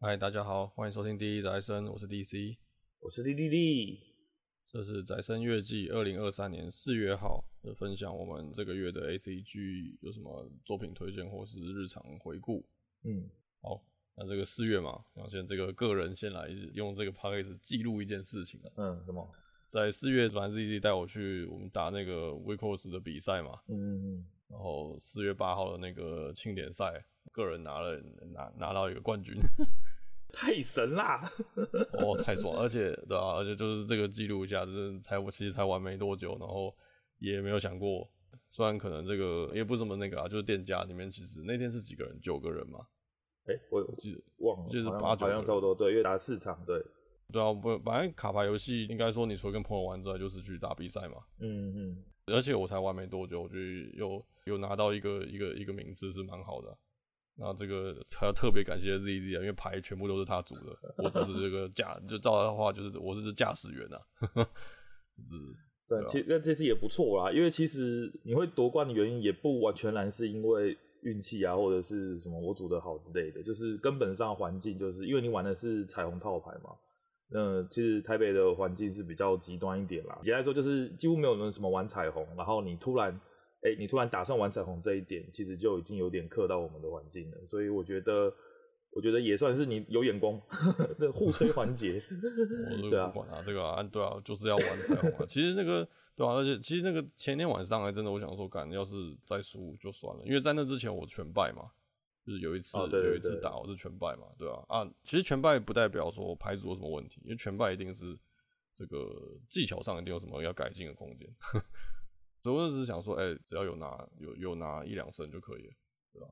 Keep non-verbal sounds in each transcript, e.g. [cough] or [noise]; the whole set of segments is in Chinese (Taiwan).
嗨，Hi, 大家好，歡迎收聽第一宅生，我是 DC，我是弟弟弟，這是宅生月記，二零二三年四月號的分享，我們這個月的 ACG 有什麼作品推薦或是，日常回顧？嗯，好，那這個四月嘛，那先這個個人先來用這個 podcast 記錄一件事情，嗯，什麼？在四月，反正 ZZ 帶我去我們打那個 WIXOSS 的比賽嘛，嗯嗯嗯，然後四月八號的那個慶典賽，個人拿了拿拿到一個冠軍。 [laughs] 太神啦！哦，太爽， [laughs] 而且對啊，而且就是這個記錄一下，就是才我其實才玩沒多久，然後也沒有想過，雖然可能這個也不怎麼那個啊，就是店家裡面其實那天是幾個人，九個人嘛。哎、欸，我我記得忘了，就是八九，好像差不多對，因為打四場對。對啊，本本來卡牌遊戲應該說，你除了跟朋友玩之外，就是去打比賽嘛。嗯嗯，嗯而且我才玩沒多久，我就有又，又拿到一個一個一個名次是蠻好的、啊。那這個還要特別感謝 ZZ 啊，因為牌全部都是他組的。我只是這個駕， [laughs] 就照他的話，就是啊呵呵，就是我是駕駛員就是，對，對啊，其那這次也不錯啦。因為其實你會奪冠的原因，也不完全然是因為運氣啊，或者是什麼我組的好之類的。就是根本上環境，就是因為你玩的是彩虹套牌嘛。嗯，其實台北的環境是比較極端一點啦。簡單說，就是幾乎沒有人什麼玩彩虹，然後你突然。欸、你突然打算玩彩虹這一點，其實就已經有點克到我們的環境了。所以我覺得，我覺得也算是你有眼光，呵呵這互吹環節，我是不管啊，這個啊，對啊，就是要玩彩虹，啊。 [laughs] 其實那個，對啊，而且其實那個前天晚上還真的，我想說，幹要是再輸就算了，因為在那之前我全敗嘛，就是有一次、哦、對對對有一次打我是全敗嘛，對啊。啊，其實全敗不代表說我牌子有什麼問題，因為全敗一定是這個技巧上一定有什麼要改進的空間。 [laughs] 所以我只是想說，哎、欸，只要有拿有有拿一兩勝就可以了，對吧？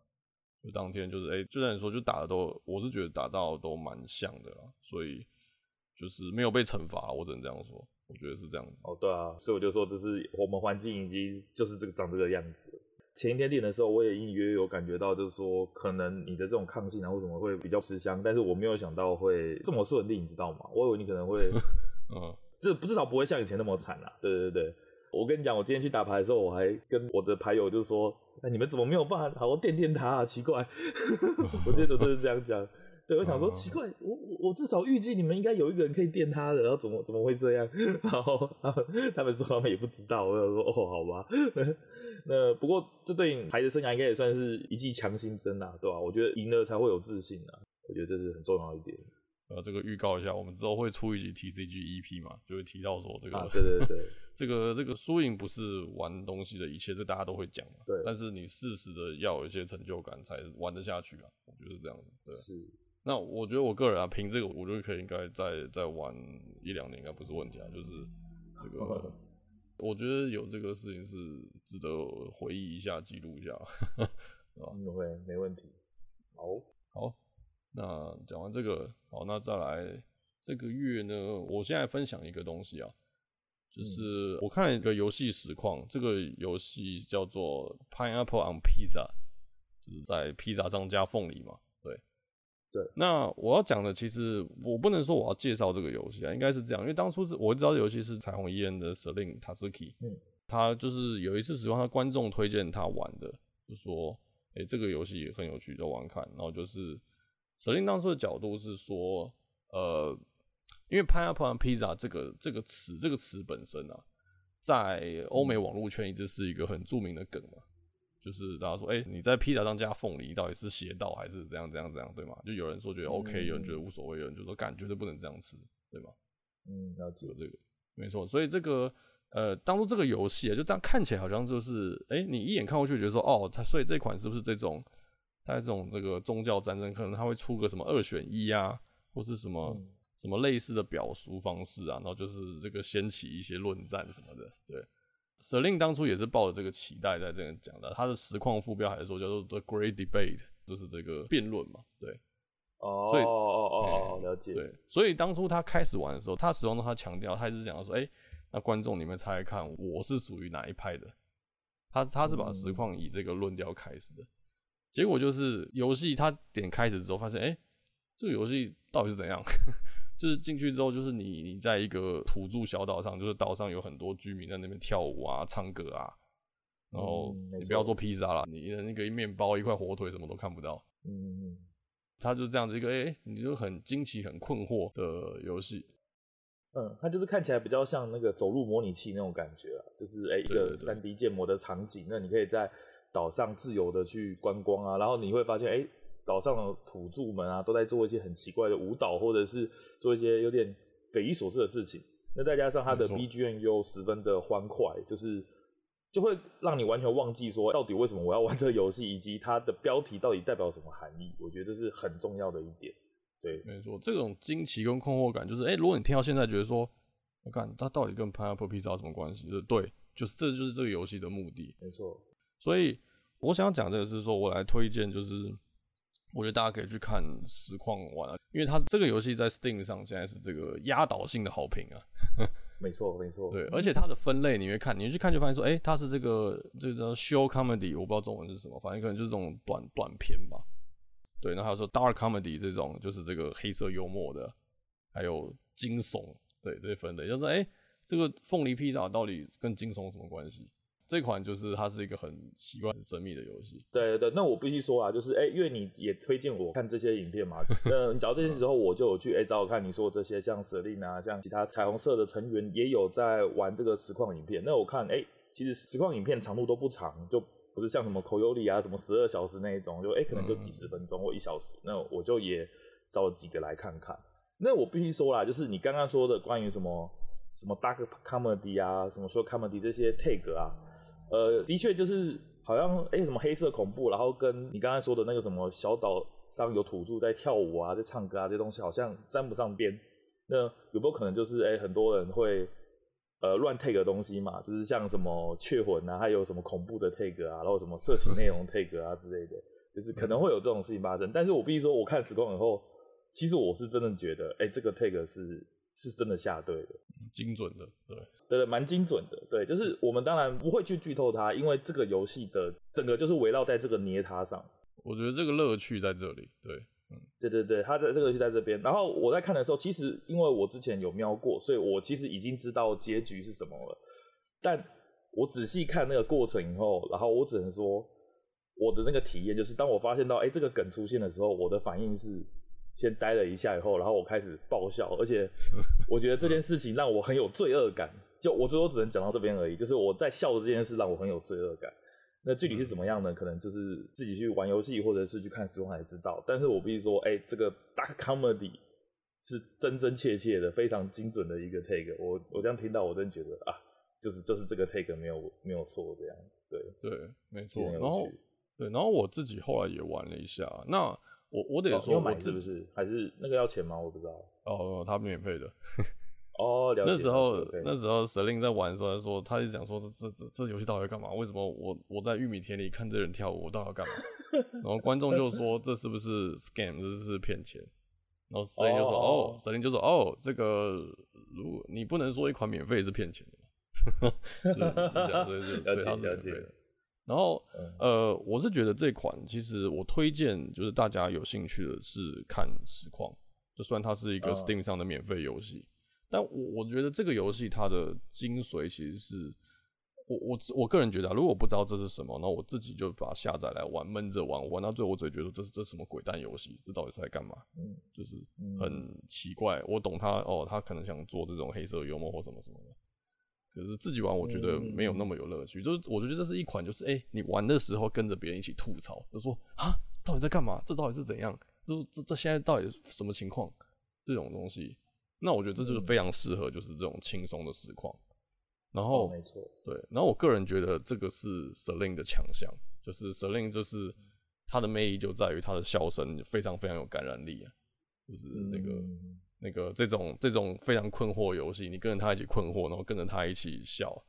就當天就是哎、欸，就算你說就打的都，我是覺得打到都蠻像的了，所以就是沒有被懲罰，我只能這樣說，我覺得是這樣子。哦，對啊，所以我就說，這是我們環境已經就是這個長這個樣子。前一天練的時候，我也隱隱約約有感覺到，就是說可能你的這種抗性啊，為什麼會比較吃香？但是我沒有想到會這麼順利，你知道嗎？我以為你可能會， [laughs] 嗯，至至少不會像以前那麼慘了。對對對，對。我跟你講，我今天去打牌的時候，我還跟我的牌友就說：“哎、欸，你們怎麼沒有辦法好好電電他啊？奇怪！” [laughs] 我今天都是這樣講。對，我想說奇怪，我我我至少預計你們應該有一個人可以電他的，然後怎麼怎麼會這樣？然後他們說他們也不知道。我就說：“哦，好吧。 [laughs] 那”那不過這對你牌的生涯應該也算是一劑強心針吶，對吧、啊？我覺得贏了才會有自信啊，我覺得這是很重要一點。呃、啊，這個預告一下，我們之後會出一集 TCG EP 嘛，就會提到說這個、啊。對對對。 [laughs] 這個這個輸贏不是玩東西的一切，這個、大家都會講嘛。對。但是你適時的要有一些成就感，才玩得下去啊。我覺得這樣子。對是。那我覺得我個人啊，憑這個，我覺得可以應該再再玩一兩年、啊，應該不是問題啊。就是這個， [laughs] 我覺得有這個事情是值得回憶一下、記錄一下啊。不 [laughs] 對吧、嗯，沒問題。好，好。那講完這個，好，那再來這個月呢，我現在分享一個東西啊。就是我看了一個遊戲實況，這個遊戲叫做 Pineapple on Pizza，就是在披薩上加鳳梨嘛。對，對。那我要講的其實我不能說我要介紹這個遊戲啊，應該是這樣，因為當初是我知道這遊戲是彩虹 E N 的 Selen Tatsuki，他就是有一次實況他觀眾推薦他玩的，就說哎、欸、這個遊戲也很有趣，就玩看。然後就是 Selen 當初的角度是說，呃。因為 pineapple pizza 這個這個詞，這個詞、這個、本身啊，在歐美網絡圈一直是一個很著名的梗嘛，就是大家說，哎、欸，你在 pizza 上加鳳梨，到底是邪道還是怎樣怎樣怎樣，對嗎？就有人說覺得 OK、嗯、有人覺得無所謂，有人就說，感覺都不能這樣吃，對嗎？嗯，那只有這個，沒錯。所以這個，呃，當初這個遊戲、啊、就這樣看起來好像就是，哎、欸，你一眼看過去覺得說，哦，它所以這款是不是這種他這種這個宗教戰爭，可能它會出個什麼二選一呀、啊，或是什麼？嗯什麼類似的表述方式啊，然後就是這個掀起一些論戰什麼的。對，Selen 當初也是抱着這個期待在這裡講的。他的實況副標還是說叫做 The Great Debate，就是這個辯論嘛。對，哦，所以哦哦了解。對，所以當初他開始玩的時候，他始終都他強調，他一直講到說，哎、欸，那觀眾你們猜看我是屬於哪一派的？他他是把實況以這個論調開始的，嗯、結果就是遊戲他點開始之後發現，哎、欸，這個遊戲到底是怎樣？ [laughs] 就是進去之後，就是你你在一個土著小島上，就是島上有很多居民在那邊跳舞啊、唱歌啊，然後你不要做披薩了，嗯、你的那個一面包、一塊火腿什麼都看不到。嗯嗯。它就是這樣子一個，哎、欸，你就很驚奇、很困惑的遊戲。嗯，它就是看起來比較像那個走路模擬器那種感覺啊，就是哎、欸、一個三 D 建模的場景，對對對，那你可以在島上自由的去觀光啊，然後你會發現，哎、欸。島上的土著們啊，都在做一些很奇怪的舞蹈，或者是做一些有點匪夷所思的事情。那再加上它的 BGM 又十分的歡快，錯就是就會讓你完全忘記說到底為什麼我要玩這個遊戲，以及它的標題到底代表什麼含義。 [laughs] 我覺得這是很重要的一點。對，沒錯，這種驚奇跟困惑感就是，哎、欸，如果你聽到現在覺得說，我看它到底跟 pineapple pizza 有什麼關係？對，就是這就是這個遊戲的目的。沒錯錯，所以我想要講這個是說，我來推薦就是。我覺得大家可以去看實況玩啊，因為它這個遊戲在 Steam 上現在是這個壓倒性的好評啊。 [laughs] 沒錯，沒錯。對，而且它的分類，你會看，你去看就發現說，誒、欸，它是這個這個 show comedy，我不知道中文是什麼，反正可能就是這種短短片吧。對，那還有說 dark comedy 這種，就是這個黑色幽默的，還有驚悚，對，這些分類，就說，誒、欸，這個鳳梨披薩到底跟驚悚什麼關係？這款就是它是一個很奇怪、很神秘的遊戲。對對對，那我必須說啊，就是哎、欸，因為你也推薦我看這些影片嘛， [laughs] 嗯，找到這些之後我就有去哎、欸、找我看你說這些，像 Selen 啊，像其他彩虹社的成員也有在玩這個實況影片。那我看哎、欸，其實實況影片長度都不長，就不是像什麼 Koyori 啊，什麼十二小時那一種，就哎、欸、可能就幾十分鐘或一小時。嗯、那我就也找了幾個來看看。那我必須說啦，就是你剛剛說的關於什麼什麼 dark comedy 啊，什麼說 c comedy 這些 tag 啊。呃，的確就是好像哎、欸，什麼黑色恐怖，然後跟你剛才說的那個什麼小島上有土著在跳舞啊，在唱歌啊，這些東西好像沾不上邊。那有沒有可能就是哎、欸，很多人會呃亂 tag 東西嘛？就是像什麼雀魂啊，還有什麼恐怖的 tag 啊，然後什麼色情內容 tag 啊之類的，就是可能會有這種事情發生。但是我必須說，我看實況以後，其實我是真的覺得哎、欸，這個 tag 是。是真的下對的，精準的，對，對，蠻精準的，對，就是我們當然不會去劇透它，因為這個遊戲的整個就是圍繞在這個捏它上，我覺得這個樂趣在這裡，對，嗯，對對對，它在這個遊戲在這邊，然後我在看的時候，其實因為我之前有瞄過，所以我其實已經知道結局是什麼了，但我仔細看那個過程以後，然後我只能說，我的那個體驗就是，當我發現到哎這個梗出現的時候，我的反應是。先呆了一下以後，然後我開始爆笑，而且我覺得這件事情讓我很有罪惡感。 [laughs] 就我最多只能講到這邊而已，就是我在笑這件事讓我很有罪惡感。嗯、那具體是怎麼樣呢？嗯、可能就是自己去玩遊戲或者是去看實況才知道。但是我必須說，哎、欸，這個 dark comedy 是真真切切的、非常精準的一個 take 我。我我這樣聽到，我真的覺得啊，就是就是這個 take 沒有沒有錯這樣。對對，沒錯。然後對，然後我自己後來也玩了一下那。我我得說，是不是還是那個要錢嗎？我不知道。哦，他免費的。哦，了解。那時候那時候，Selen 在玩的時候他說，他一直講說，這這這這遊戲到底要幹嘛？為什麼我我在玉米田裡看這人跳舞，我到底要幹嘛？然後觀眾就說，這是不是 scam，這是騙錢？然後 Selen 就說，哦，Selen 就說，哦，這個如果你不能說一款免費是騙錢的嘛，哈哈哈對。哈。然後，嗯、呃，我是覺得這款其實我推薦就是大家有興趣的是看實況，就算它是一個 Steam 上的免費遊戲，嗯、但我我覺得這個遊戲它的精髓其實是，我我我個人覺得、啊，如果不知道這是什麼，那我自己就把它下載來玩，悶着玩，玩，玩到最後我只會覺得這是這是什麼鬼蛋遊戲，這到底是在幹嘛？嗯、就是很奇怪。我懂他，哦，他可能想做這種黑色幽默或什麼什麼的。可是自己玩，我覺得沒有那麼有樂趣。嗯、就是我覺得這是一款，就是哎、欸，你玩的時候跟着別人一起吐槽，就說啊，到底在幹嘛？這到底是怎樣？這這這現在到底什麼情況？這種東西，那我覺得這就是非常適合，就是這種輕鬆的實況。然後，沒錯錯，對。然後我個人覺得這個是 Selen 的強項，就是 Selen 就是它、嗯、的魅力就在於它的笑聲非常非常有感染力啊，就是那個。嗯那個這種這種非常困惑遊戲，你跟着他一起困惑，然後跟着他一起笑，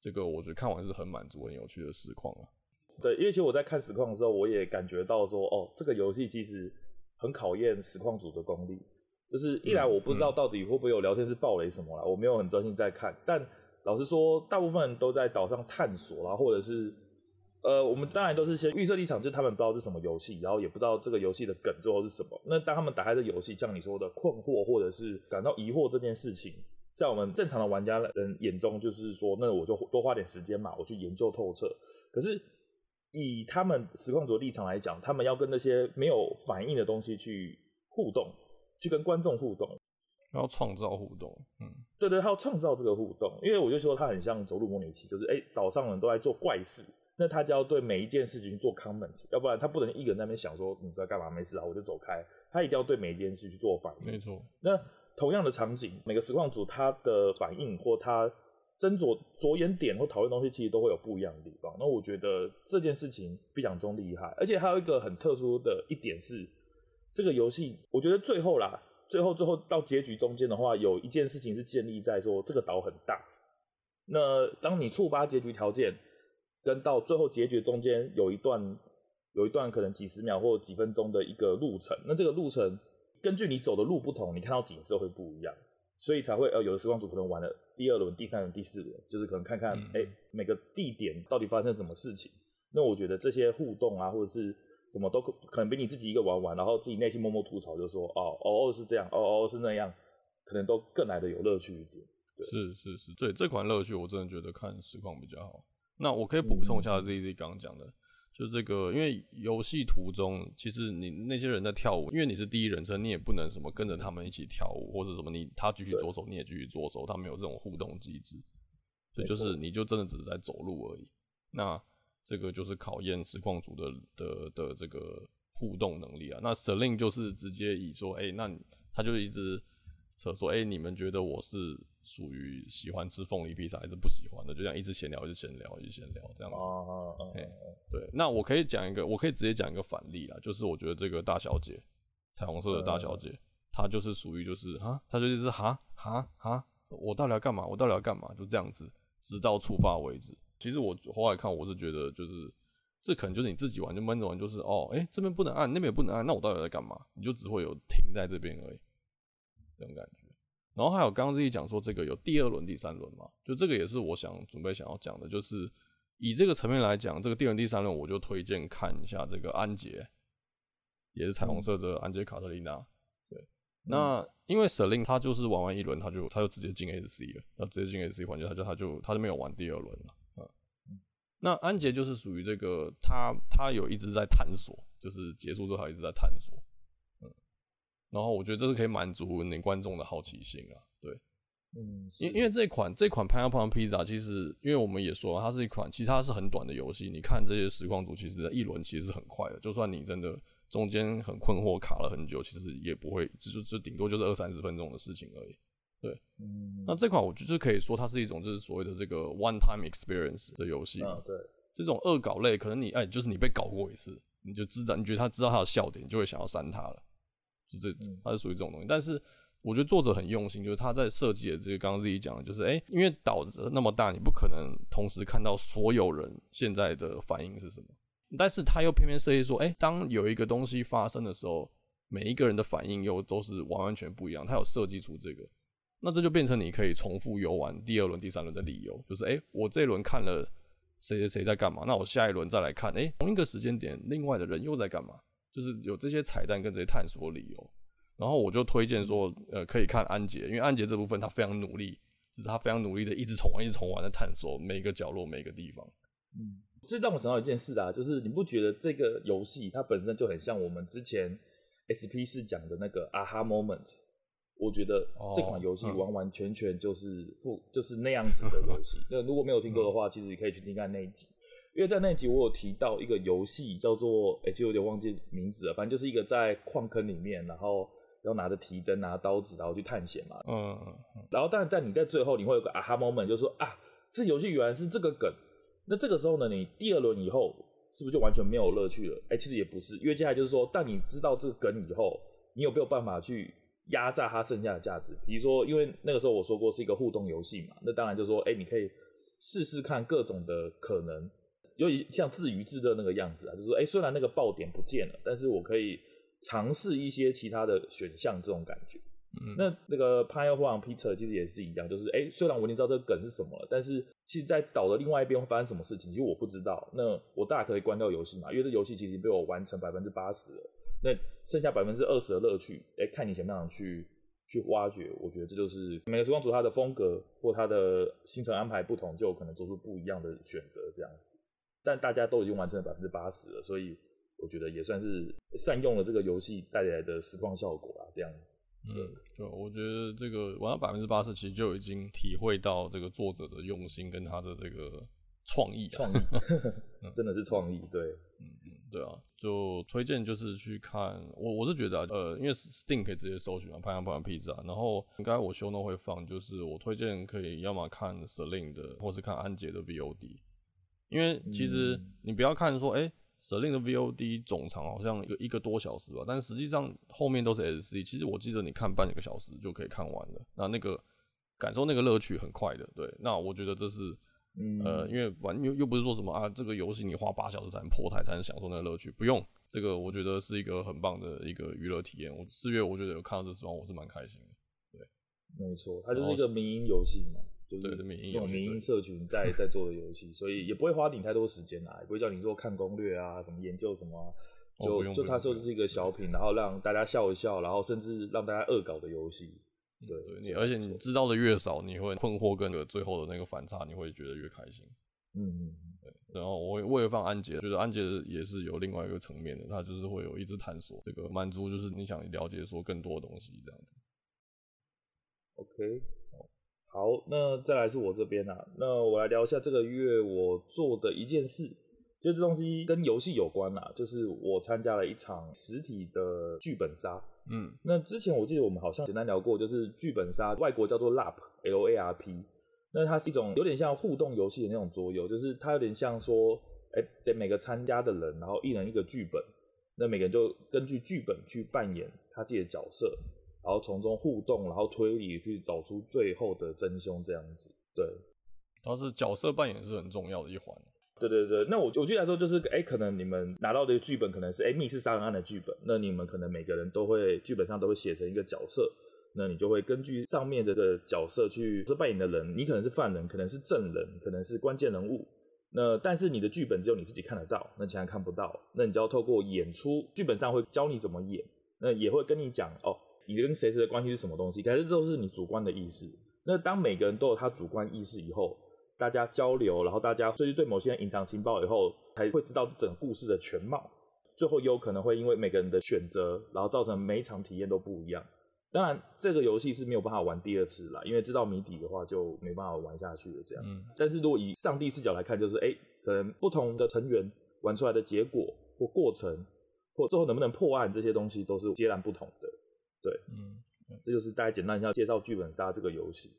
這個我覺得看完是很滿足、很有趣的實況啊。對，因為其實我在看實況的時候，我也感覺到說，哦，這個遊戲其實很考驗實況主的功力。就是一來我不知道到底會不會有聊天室爆雷什麼啦，嗯嗯、我沒有很專心在看。但老實說，大部分人都在島上探索啦，或者是。呃，我們當然都是先預設立場，就是、他們不知道是什麼遊戲，然後也不知道這個遊戲的梗之後是什麼。那當他們打開這遊戲，像你說的困惑或者是感到疑惑這件事情，在我們正常的玩家人眼中，就是說，那我就多花點時間嘛，我去研究透徹。可是以他們實況主立場來講，他們要跟那些沒有反應的東西去互動，去跟觀眾互動，要創造互動。嗯，對，對對，他要創造這個互動，因為我就說他很像走路模擬器，就是哎，島上人都在做怪事。那他就要對每一件事情去做 comment，要不然他不能一個人在那邊想說，你在幹嘛？沒事啊，我就走開。他一定要對每一件事情去做反應。沒錯錯。那同樣的場景，每個實況主他的反應或他斟酌着眼點或討論東西，其實都會有不一樣的地方。那我覺得這件事情非常中厲害，而且還有一個很特殊的一點是，這個遊戲我覺得最後啦，最後最後到結局中間的話，有一件事情是建立在說這個島很大。那當你觸發結局條件，跟到最後結局中間有一段，有一段可能幾十秒或幾分鐘的一個路程，那這個路程根據你走的路不同，你看到景色會不一樣，所以才會呃，有的實況主可能玩了第二輪、第三輪、第四輪，就是可能看看哎、嗯欸、每個地點到底發生什麼事情。那我覺得這些互動啊，或者是什麼都可能比你自己一個玩玩，然後自己內心默默吐槽就說哦哦，是這樣，哦哦，是那樣，可能都更來得有樂趣一點。對，是是是，對這款樂趣我真的覺得看實況比較好。那我可以補充一下 z z 剛剛講的，嗯、就這個，因為遊戲途中其實你那些人在跳舞，因為你是第一人稱，你也不能什麼跟着他們一起跳舞或者什麼你，你他舉起左手對你也舉起左手，他沒有這種互動機制，所以就是你就真的只是在走路而已。那這個就是考驗實況組的的的，的這個互動能力啊。那 n 令就是直接以說，哎、欸，那他就一直扯說，哎、欸，你們覺得我是？屬於喜歡吃鳳梨披薩還是不喜歡的，就這樣一直閒聊，一直閒聊，一直閒聊這樣子。哦哦哦。對，那我可以講一個，我可以直接講一個反例啦，就是我覺得這個大小姐，彩虹色的大小姐，對她就是屬於就是啊，她就一直哈哈哈。我到底要幹嘛？我到底要幹嘛？就這樣子，直到觸發為止。其實我後來看，我是覺得就是這可能就是你自己玩就悶着玩，就是哦哎、欸，這邊不能按，那邊也不能按，那我到底在幹嘛？你就只會有停在這邊而已，這種感覺。然後還有剛剛自己講說這個有第二輪、第三輪嘛？就這個也是我想準備想要講的，就是以這個層面來講，這個第二輪、第三輪，我就推薦看一下這個安杰，也是彩虹色的安杰卡特琳娜。嗯、對，嗯、那因為 Selen 他就是玩完一輪，他就他就直接進 SC 了，那直接進 SC 環節，他就他就他就沒有玩第二輪了。嗯，嗯那安杰就是屬於這個，他他有一直在探索，就是結束之後他一直在探索。然後我覺得這是可以滿足你觀眾的好奇心啊，對，嗯，因因為這款這款 pineapple on pizza 其實因為我們也說了，它是一款，其實它是很短的遊戲。你看這些實況主，其實一輪其實很快的，就算你真的中間很困惑卡了很久，其實也不會，就就，就頂多就是二三十分鐘的事情而已。對，嗯，那這款我就是可以說它是一種就是所謂的這個 one time experience 的遊戲嘛，啊，對，這種惡搞類可能你哎，就是你被搞過一次，你就知道，你覺得他知道他的笑點，你就會想要刪他了。就是，它是屬於這種東西，但是我覺得作者很用心，就是他在設計的這個，剛剛自己講的，就是，哎，因為島那麼大，你不可能同時看到所有人現在的反應是什麼，但是他又偏偏設計說，哎，當有一個東西發生的時候，每一個人的反應又都是完完全不一樣，他有設計出這個，那這就變成你可以重複遊玩第二輪、第三輪的理由，就是，哎，我這一輪看了誰誰誰在幹嘛，那我下一輪再來看，哎，同一個時間點，另外的人又在幹嘛？就是有這些彩蛋跟這些探索理由，然後我就推薦說，呃，可以看安潔，因為安潔這部分他非常努力，就是他非常努力的一直重玩、一直重玩的探索每個角落、每個地方。嗯，最讓我想到一件事啊，就是你不覺得這個遊戲它本身就很像我們之前 SP4 講的那個 Aha Moment？我覺得這款遊戲完完全全就是復，哦、就是那樣子的遊戲。嗯、那如果沒有聽過的話，嗯、其實你可以去聽看那一集。因為在那一集我有提到一個遊戲叫做，哎、欸，就有點忘記名字了，反正就是一個在礦坑裡面，然後要拿着提燈、拿刀子，然後去探險嘛。嗯，嗯，嗯，然後當然在你在最後你會有個啊哈 moment，就是說啊，這遊戲原來是這個梗。那這個時候呢，你第二輪以後是不是就完全沒有樂趣了？哎、欸，其實也不是，因為接下來就是說，當你知道這個梗以後，你有沒有辦法去壓榨它剩下的價值？比如說，因為那個時候我說過是一個互動遊戲嘛，那當然就是說，哎、欸，你可以試試看各種的可能。有點像自娛自樂的那個樣子啊，就是說，哎，雖然那個爆點不見了，但是我可以嘗試一些其他的選項，這種感覺。嗯，那那個《Pineapple Pizza》其實也是一樣，就是，哎，雖然我已經知道這個梗是什麼了，但是，其實在島的另外一邊會發生什麼事情，其實我不知道。那我大可以關掉遊戲嘛，因為這遊戲其實被我完成百分之八十了，那剩下百分之二十的樂趣，哎，看你想不想去去挖掘。我覺得這就是每個實況主它的風格或它的行程安排不同，就有可能做出不一樣的選擇，這樣子。但大家都已經完成了百分之八十了，所以我覺得也算是善用了這個遊戲帶來的實況效果吧，這樣子。嗯，對，我覺得這個玩到百分之八十，其實就已經體會到這個作者的用心跟他的這個創意，意，創意，真的是創意。嗯、對，嗯嗯，對啊，就推薦就是去看，我我是覺得啊，呃，因為 Steam 可以直接搜尋嘛，拍完拍完 Pizza，然後應該 show note 會放，就是我推薦可以要麼看 Selen 的，或是看安潔的 VOD。因為其實你不要看說、欸，哎、嗯，Selen 的 V O D 總長好像一個一個多小時吧，但實際上後面都是 S C。其實我記得你看半個小時就可以看完了，那那個感受那個樂趣很快的。對，那我覺得這是，嗯、呃，因為玩又又不是說什麼啊，這個遊戲你花八小時才能破台才能享受那個樂趣，不用。這個我覺得是一個很棒的一個娛樂體驗。我四月我覺得有看到這時候，我是蠻開心的。對，沒錯，它就是一個迷因遊戲嘛。就是那種迷因社群在在做的遊戲， [laughs] 所以也不會花你太多時間來、啊，不會叫你做看攻略啊，什麼研究什麼、啊，就、哦、不用不用就他說這是一個小品，對然後讓大家笑一笑，然後甚至讓大家惡搞的遊戲。對，你對而且你知道的越少，對你會困惑，跟最後的那個反差，你會覺得越開心。嗯嗯，對。然後我我也放安潔，就是安潔也是有另外一個層面的，他就是會有一直探索這個滿足，就是你想了解說更多的東西這樣子。OK。好，那再來是我這邊啊，那我來聊一下這個月我做的一件事，就這東西跟遊戲有關啊，就是我參加了一場實體的劇本殺。嗯，那之前我記得我們好像簡單聊過，就是劇本殺，外國叫做 LARP，L A R P，那它是一種有點像互動遊戲的那種桌遊，就是它有點像說，哎、欸，得每個參加的人，然後一人一個劇本，那每個人就根據劇本去扮演他自己的角色。然後從中互動，然後推理去找出最後的真兇，這樣子。對，它是角色扮演是很重要的一環。對對對，那我我覺得來說，就是哎，可能你們拿到的劇本可能是哎密室殺人案的劇本，那你們可能每個人都會劇本上都會寫成一個角色，那你就會根據上面的角色去角色扮演的人，你可能是犯人，可能是證人，可能是，可能是關鍵人物。那但是你的劇本只有你自己看得到，那其他人看不到，那你就要透過演出，劇本上會教你怎麼演，那也會跟你講哦。你跟誰誰的關係是什麼東西？但是這都是你主觀的意識。那當每個人都有他主觀意識以後，大家交流，然後大家所以對某些人隱藏情報以後，才會知道整個故事的全貌。最後有可能會因為每個人的選擇，然後造成每一場體驗都不一樣。當然，這個遊戲是沒有辦法玩第二次了，因為知道謎底的話就沒辦法玩下去了。這樣。嗯。但是如果以上帝視角來看，就是哎、欸，可能不同的成員玩出來的結果或過程，或最後能不能破案這些東西，都是截然不同的。對，嗯，這就是大家簡單一下介紹劇本殺這個遊戲。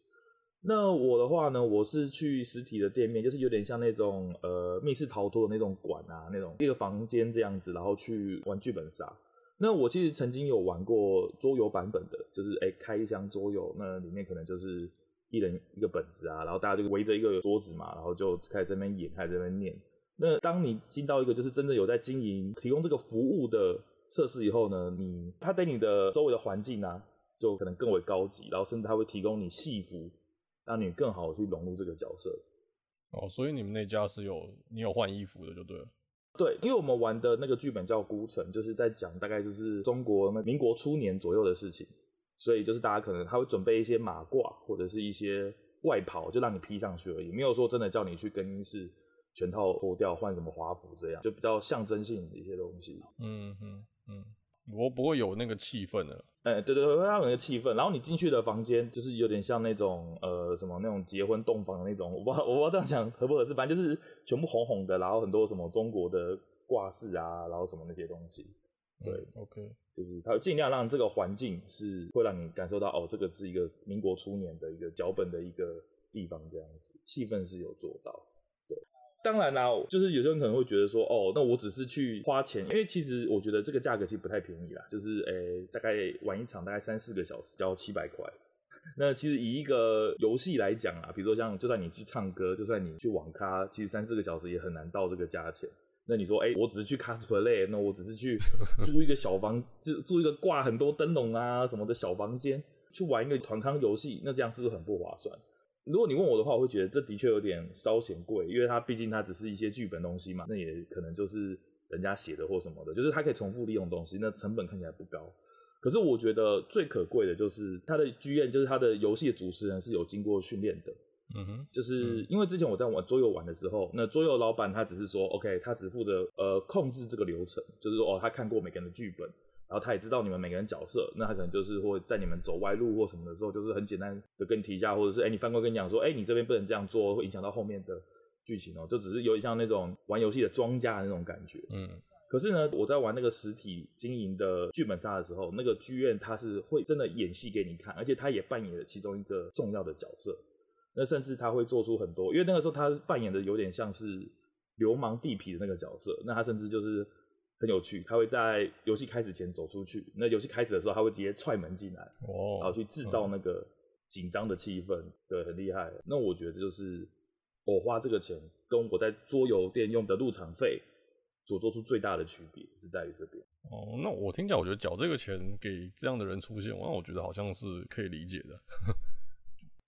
那我的話呢，我是去實體的店面，就是有點像那種呃，密室逃脫的那種館啊，那種一個房間這樣子，然後去玩劇本殺。那我其實曾經有玩過桌遊版本的，就是哎，開一箱桌遊，那裡面可能就是一人一個本子啊，然後大家就圍着一個桌子嘛，然後就開始這邊演，開始這邊念。那當你進到一個就是真的有在經營提供這個服務的。測試以後呢，你它對你的周圍的環境呢、啊，就可能更為高級，然後甚至它會提供你戲服，讓你更好去融入這個角色。哦，所以你們那家是有你有換衣服的就對了。對，因為我們玩的那個劇本叫《孤城》，就是在講大概就是中國那民國初年左右的事情，所以就是大家可能他會準備一些馬褂或者是一些外袍，就讓你披上去而已，沒有說真的叫你去更衣室全套脫掉換什麼華服這樣，就比較象徵性的一些東西。嗯嗯。嗯，我不會有那個氣氛的。哎，欸，對對對，他有那個氣氛。然後你進去的房間就是有點像那種呃什麼那種結婚洞房的那種，我不知道，我不知道這樣講合不合適，反正就是全部紅紅的，然後很多什麼中國的掛飾啊，然後什麼那些東西。對，嗯，OK，就是他盡量讓這個環境是會讓你感受到哦，這個是一個民國初年的一個腳本的一個地方這樣子，氣氛是有做到。當然啦，就是有些人可能會覺得說，哦，那我只是去花錢，因為其實我覺得這個價格其實不太便宜啦，就是哎、欸、大概玩一場大概三四個小時，交七百塊。那其實以一個遊戲來講啊，比如說像就算你去唱歌，就算你去網咖，其實三四個小時也很難到這個價錢。那你說，哎、欸，我只是去 cosplay，那我只是去租一個小房，就租，租一個掛很多燈籠啊什麼的小房間，去玩一個團康遊戲，那這樣是不是很不划算？如果你問我的話，我會覺得這的確有點稍嫌貴，因為它畢竟它只是一些劇本東西嘛，那也可能就是人家寫的或什麼的，就是它可以重複利用東西，那成本看起來不高。可是我覺得最可貴的就是它的 GM，就是它的遊戲的主持人是有經過訓練的。嗯哼，就是因為之前我在玩桌遊玩的時候，那桌遊老闆他只是說 OK，他只負責呃控制這個流程，就是說哦他看過每個人的劇本。然後他也知道你們每個人角色，那他可能就是會在你們走歪路或什麼的時候，就是很簡單的跟你提一下，或者是哎，你反過跟你講說，哎，你這邊不能這樣做，會影響到後面的劇情哦，就只是有點像那種玩遊戲的莊家的那種感覺。嗯。可是呢，我在玩那個實體經營的劇本殺的時候，那個劇院他是會真的演戲給你看，而且他也扮演了其中一個重要的角色，那甚至他會做出很多，因為那個時候他扮演的有點像是流氓地痞的那個角色，那他甚至就是。很有趣，他會在遊戲開始前走出去。那遊戲開始的時候，他會直接踹門進來，哦、然後去制造那個緊張的氣氛，嗯、對，很厲害。那我覺得這就是我花這個錢跟我在桌遊店用的入場費所做出最大的區別，是在於這邊。哦，那我聽起來，我覺得繳這個錢給這樣的人出現，那我，我覺得好像是可以理解的。 [laughs]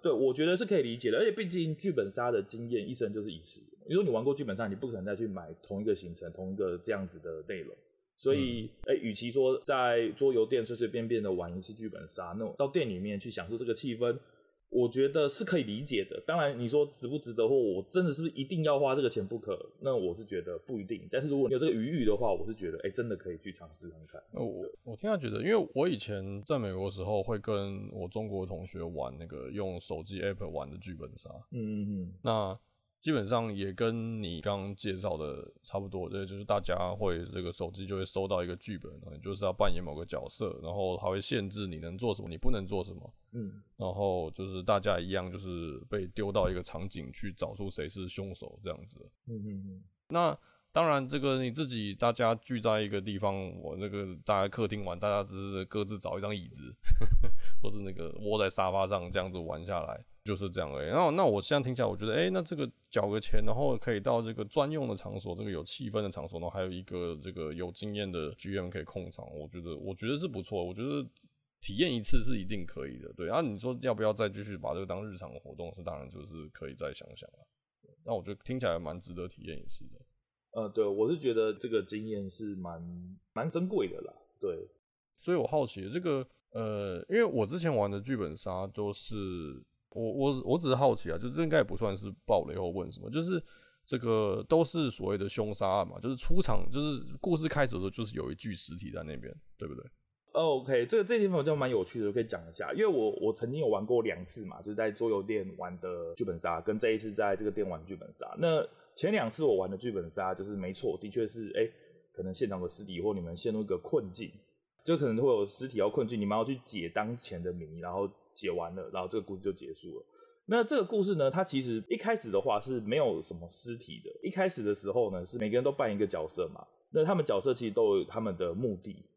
對，我覺得是可以理解的，而且畢竟劇本殺的經驗一生就是一次。你說你玩過劇本殺，你不可能再去買同一個行程，同一個這樣子的內容。所以，嗯，欸，與其說在桌遊店隨隨便便的玩一次劇本殺，那我到店裡面去享受這個氣氛。我覺得是可以理解的。當然，你說值不值得或我真的是不是一定要花這個錢不可？那我是覺得不一定。但是如果你有這個餘裕的話，我是覺得哎、欸，真的可以去嘗試看看。我對我現在覺得，因為我以前在美國的時候，會跟我中國同學玩那個用手機 app 玩的劇本殺。嗯嗯嗯。那。基本上也跟你剛介紹的差不多，這就是大家會這個手機就會收到一個劇本，你就是要扮演某個角色，然後它會限制你能做什麼，你不能做什麼。嗯，然後就是大家一樣，就是被丟到一個場景去找出誰是凶手這樣子。嗯嗯嗯。那當然，這個你自己大家聚在一個地方，我那個大家客廳玩，大家只是各自找一張椅子，嗯、 [laughs] 或是那個窩在沙發上這樣子玩下來，就是這樣哎、欸，然後那我現在聽起來，我覺得哎、欸，那這個繳個錢，然後可以到這個專用的場所，這個有氣氛的場所，然後還有一個這個有經驗的 GM 可以控場，我覺得我覺得是不錯，我覺得體驗一次是一定可以的。對啊，你說要不要再繼續把這個當日常活動？是當然就是可以再想想啦、啊。那我覺得聽起來蠻值得體驗一次的。呃，對，我是覺得這個經驗是蠻蠻珍貴的啦。對，所以我好奇這個呃，因為我之前玩的劇本殺都是。我我我只是好奇啊，就是這應該也不算是爆雷或問什麼，就是這個都是所謂的凶殺案嘛，就是出場就是故事開始的時候就是有一具屍體在那邊，對不對？OK，這個這地方就蠻有趣的，可以講一下，因為我我曾經有玩過兩次嘛，就是在桌遊店玩的劇本殺，跟這一次在這個店玩劇本殺。那前兩次我玩的劇本殺就是沒錯，的確是哎，可能現場的屍體，或你們陷入一個困境，就可能會有屍體要困境，你們要去解當前的謎，然後。寫完了，然後這個故事就結束了。那這個故事呢，它其實一開始的話是沒有什麼屍體的。一開始的時候呢，是每個人都扮一個角色嘛。那他們角色其實都有他們的目的。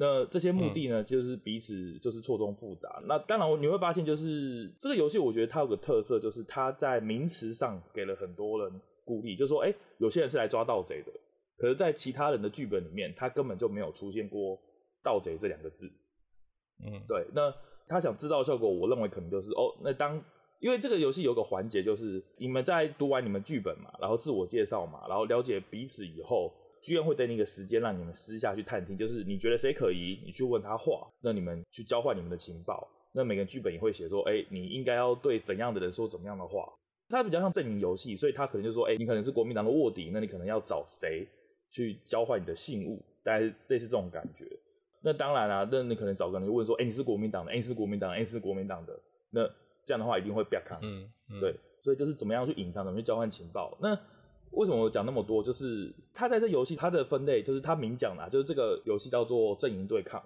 那這些目的呢，就是彼此就是錯綜複雜。嗯、那當然你會發現，就是這個遊戲，我覺得它有個特色，就是它在名詞上給了很多人鼓勵，就是、說哎，有些人是來抓盜賊的。可是，在其他人的劇本裡面，他根本就沒有出現過盜賊這兩個字。嗯，對，那。他想製造的效果，我認為可能就是哦，那當因為這個遊戲有個環節，就是你們在讀完你們劇本嘛，然後自我介紹嘛，然後了解彼此以後，劇院會給你一個時間讓你們私下去探聽，就是你覺得誰可疑，你去問他話，那你們去交換你們的情報，那每個劇本也會寫說，哎、欸，你應該要對怎樣的人說怎麼樣的話。它比較像陣營遊戲，所以它可能就說，哎、欸，你可能是國民黨的臥底，那你可能要找誰去交換你的信物，但是類似這種感覺。那當然啦、啊，那你可能找個人就問說，哎、欸，你是國民黨的？哎、欸，你是國民黨的？哎、欸，你是國民黨的，、欸、的？那這樣的話一定會被坑、嗯，嗯，對。所以就是怎麼樣去隱藏，怎麼去交換情報。那為什麼我講那麼多？就是他在這遊戲，他的分類就是他明講啦，就是這個遊戲叫做陣營對抗，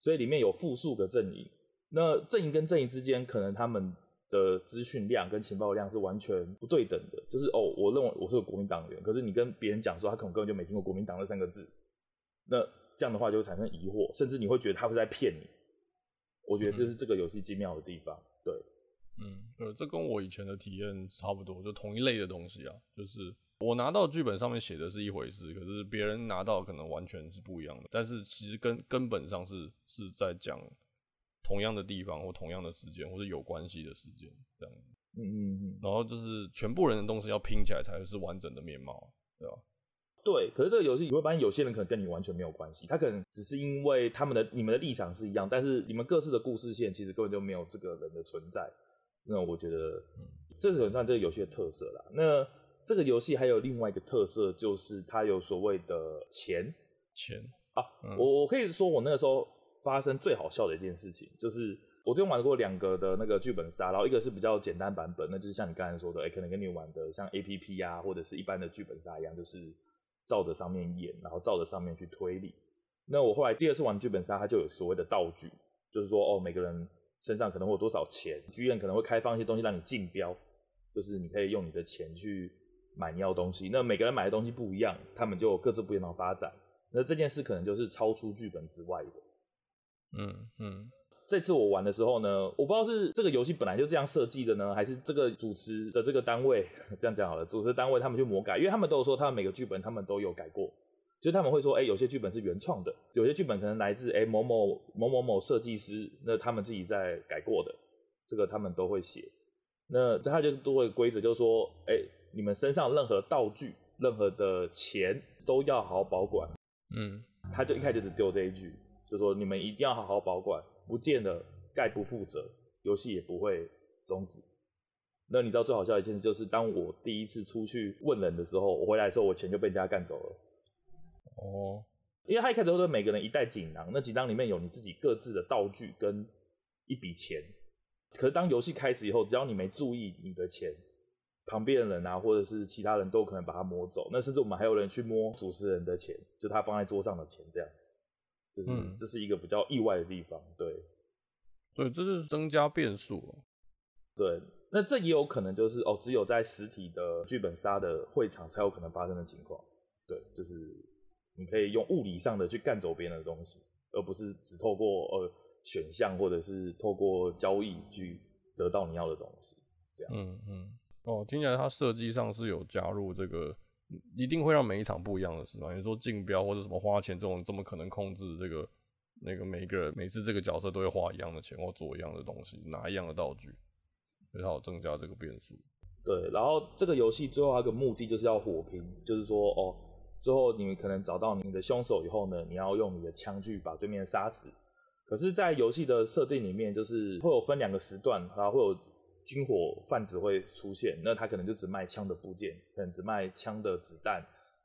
所以裡面有複數個陣營。那陣營跟陣營之間，可能他們的資訊量跟情報量是完全不對等的。就是哦，我認為我是個國民黨員，可是你跟別人講說，他可能根本就沒聽過國民黨那三個字，那。這樣的話就會產生疑惑，甚至你會覺得他是在騙你。我覺得這是這個遊戲精妙的地方。嗯、對，嗯對，這跟我以前的體驗差不多，就同一類的東西啊，就是我拿到劇本上面寫的是一回事，可是別人拿到可能完全是不一樣的。但是其實根根本上是是在講同樣的地方或同樣的時間，或者有關係的時間這樣。嗯嗯嗯。然後就是全部人的東西要拼起來才是完整的面貌，對吧？對，可是這個遊戲你會發現，有些人可能跟你完全沒有關係，他可能只是因為他們的你們的立場是一樣，但是你們各自的故事線其實根本就沒有這個人的存在。那我覺得，嗯，這是很算這個遊戲的特色啦。那這個遊戲還有另外一個特色，就是它有所謂的錢錢啊。我、嗯、我可以說我那個時候發生最好笑的一件事情，就是我之前玩過兩個的那個劇本殺，然後一個是比較簡單版本，那就是像你剛才說的，哎、欸，可能跟你玩的像 APP、啊、呀或者是一般的劇本殺一樣，就是。照着上面演，然後照着上面去推理。那我後來第二次玩劇本殺，它就有所謂的道具，就是說，哦，每個人身上可能會有多少錢，劇院可能會開放一些東西讓你競標，就是你可以用你的錢去買你要東西。那每個人買的東西不一樣，他們就有各自不一樣的發展。那這件事可能就是超出劇本之外的。嗯嗯。嗯這次我玩的時候呢，我不知道是這個遊戲本來就這樣設計的呢，還是這個主持的這個單位這樣講好了。主持單位他們就魔改，因為他們都有說，他們每個劇本他們都有改過，就是他們會說，哎、欸，有些劇本是原創的，有些劇本可能來自哎、欸、某某某某某設計師，那他們自己在改過的，這個他們都會寫。那他就多一個規則，就是說，哎、欸，你們身上任何道具、任何的錢都要好好保管。嗯，他就一開始就只丟這一句，就說你們一定要好好保管。不見了，概不負責，遊戲也不會終止。那你知道最好笑的一件事就是，當我第一次出去問人的時候，我回來的時候，我錢就被人家幹走了。哦，因為他一開始都是每個人一袋錦囊，那錦囊裡面有你自己各自的道具跟一筆錢。可是當遊戲開始以後，只要你沒注意你的錢，旁邊的人啊，或者是其他人都可能把它摸走。那甚至我們還有人去摸主持人的錢，就他放在桌上的錢這樣子。是嗯，這是一個比較意外的地方，對，所以這是增加變數哦，對，那這也有可能就是哦，只有在實體的劇本殺的會場才有可能發生的情況，對，就是你可以用物理上的去幹走別人的東西，而不是只透過呃選項或者是透過交易去得到你要的東西，這樣，嗯嗯，哦，聽起來它設計上是有加入這個。一定會讓每一場不一樣的事嘛？你說競標或者什麼花錢這，這種怎麼可能控制這個那個每個人每次這個角色都會花一樣的錢或做一樣的東西拿一樣的道具？然後增加這個變數。對，然後這個遊戲最後還有一個目的就是要火拼，就是說哦，最後你可能找到你的兇手以後呢，你要用你的槍具把對面殺死。可是，在遊戲的設定裡面，就是會有分兩個時段，然後會有。軍火販子會出現，那他可能就只賣槍的部件，可能只賣槍的子彈、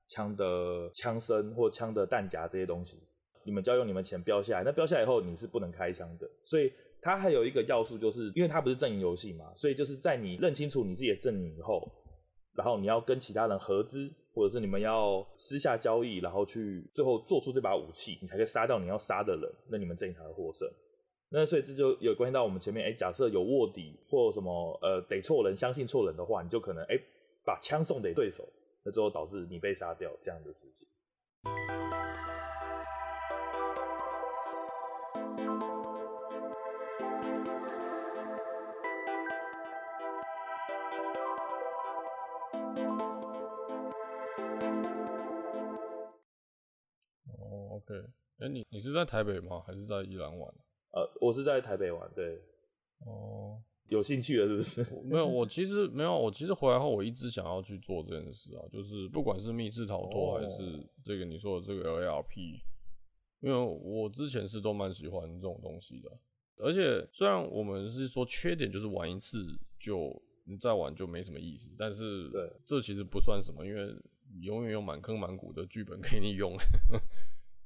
槍的槍身或槍的彈夾這些東西。你們就要用你們錢標下來，那標下來以後你是不能開槍的。所以他還有一個要素就是，因為他不是陣營遊戲嘛，所以就是在你認清楚你自己的陣營以後，然後你要跟其他人合資，或者是你們要私下交易，然後去最後做出這把武器，你才可以殺掉你要殺的人，那你們陣營才會獲勝。那所以這就有關係到我們前面，哎、欸，假設有臥底或什麼，呃，逮錯人、相信錯人的話，你就可能，哎、欸，把槍送給對手，那最後導致你被殺掉這樣的事情。哦，OK，哎、欸，你你是在台北嗎？還是在宜蘭玩？呃，我是在台北玩，對，哦，有興趣了是不是？沒有，我其實沒有，我其實回來後，我一直想要去做這件事啊，就是不管是密室逃脫還是這個你說的這個 LARP，哦，因為我之前是都蠻喜歡這種東西的。而且雖然我們是說缺點就是玩一次就你再玩就沒什麼意思，但是這其實不算什麼，因為永遠有滿坑滿谷的劇本給你用。對 [laughs]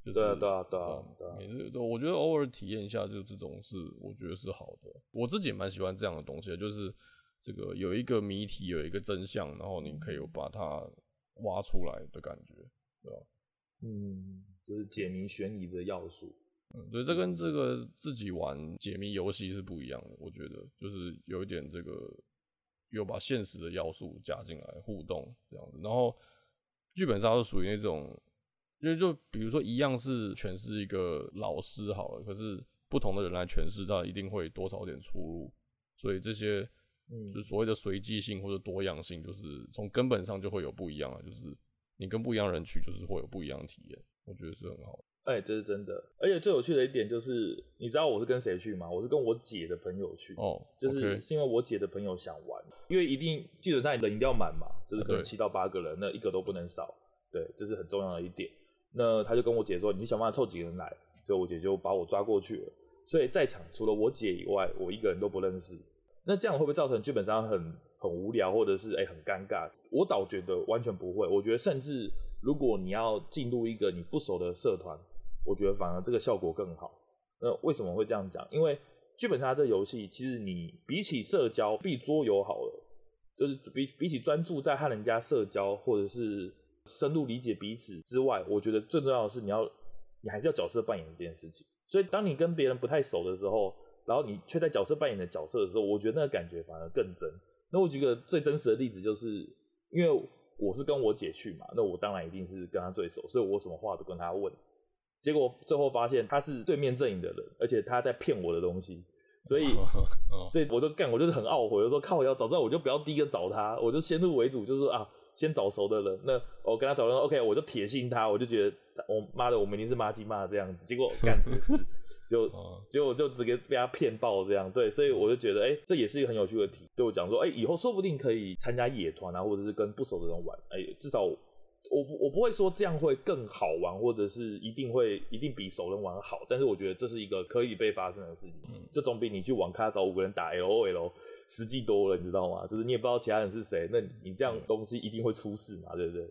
對對對，沒事。我覺得偶爾體驗一下，就這種是我覺得是好的。我自己也蠻喜歡這樣的東西的，就是這個有一個謎題，有一個真相，然後你可以把它挖出來的感覺，對吧，對啊？嗯，就是解謎懸疑的要素。嗯，對，這跟這個自己玩解謎遊戲是不一樣的。我覺得就是有一點這個又把現實的要素加進來互動這樣子，然後劇本殺是屬於那種。因為就比如說一樣是詮釋一個老師好了，可是不同的人來詮釋，他一定會多少點出入。所以這些，就是所謂的隨機性或者多樣性，就是從根本上就會有不一樣了。就是你跟不一樣人去，就是會有不一樣的體驗。我覺得是很好的。哎、欸，這是真的。而且最有趣的一點就是，你知道我是跟誰去嗎？我是跟我姐的朋友去。哦，就是 okay 是因為我姐的朋友想玩，因為一定基本上人一定要滿嘛，就是可能七到八個人，啊、那一個都不能少。對，這是很重要的一點。那他就跟我姐說：“你想辦法湊幾個人來。”，所以我姐就把我抓過去了。所以在場除了我姐以外，我一個人都不認識。那這樣會不會造成劇本殺很很無聊，或者是哎、欸、很尷尬？我倒覺得完全不會。我覺得甚至如果你要進入一個你不熟的社團，我覺得反而這個效果更好。那為什麼會這樣講？因為劇本殺這個遊戲，其實你比起社交，比桌遊好了，就是比比起專注在和人家社交，或者是。深入理解彼此之外，我覺得最重要的是你要，你還是要角色扮演這件事情。所以，當你跟別人不太熟的時候，然後你卻在角色扮演的角色的時候，我覺得那個感覺反而更真。那我舉個最真實的例子，就是因為我是跟我姐去嘛，那我當然一定是跟她最熟，所以我什麼話都跟她問。結果最後發現她是對面陣營的人，而且她在騙我的東西，所以所以我就幹，我就是很懊悔，我就說靠，我要早知道我就不要第一個找她，我就先入為主，就是啊。先找熟的人，那我，哦，跟他找人，OK，我就鐵信他，我就覺得，我，哦，媽的，我們一定是媽雞媽這樣子。結果幹就結果就，就直接被他騙爆這樣。對，所以我就覺得，哎，欸，這也是一個很有趣的題。對我講說，哎，欸，以後說不定可以參加野團啊，或者是跟不熟的人玩。哎，欸，至少我我不會說這樣會更好玩，或者是一定會一定比熟的人玩好。但是我覺得這是一個可以被發生的事情，就總比你去網咖找五個人打 LOL。實際多了，你知道嗎？就是你也不知道其他人是誰，那你，你這樣東西一定會出事嘛，對不對？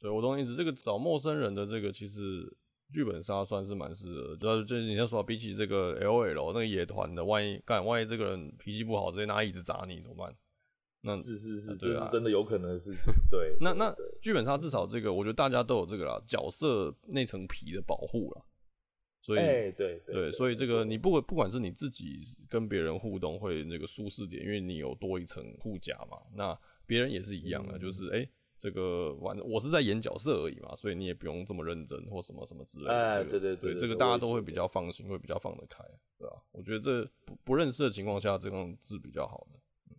對，我懂你意思。這個找陌生人的這個，其實劇本殺算是蠻適合的。主要就是你像說，比起這個 LOL 那個野團的，萬一幹，萬一這個人脾氣不好，直接拿椅子砸你怎麼辦？那是是是，這、啊啊、是真的有可能的事情。 [laughs] 對， [laughs] 對，那那對對對，劇本殺至少這個，我覺得大家都有這個啦，角色那層皮的保護啦。所以對對，所以這個你不管不管是你自己跟別人互動會那個舒適點，因為你有多一層護甲嘛。那別人也是一樣的，就是哎，這個玩，我是在演角色而已嘛，所以你也不用這麼認真或什麼什麼之類的。哎，對對對，這個大家都會比較放心，會比較放得開，對吧？我覺得這不不認識的情況下，這種字比較好的，嗯，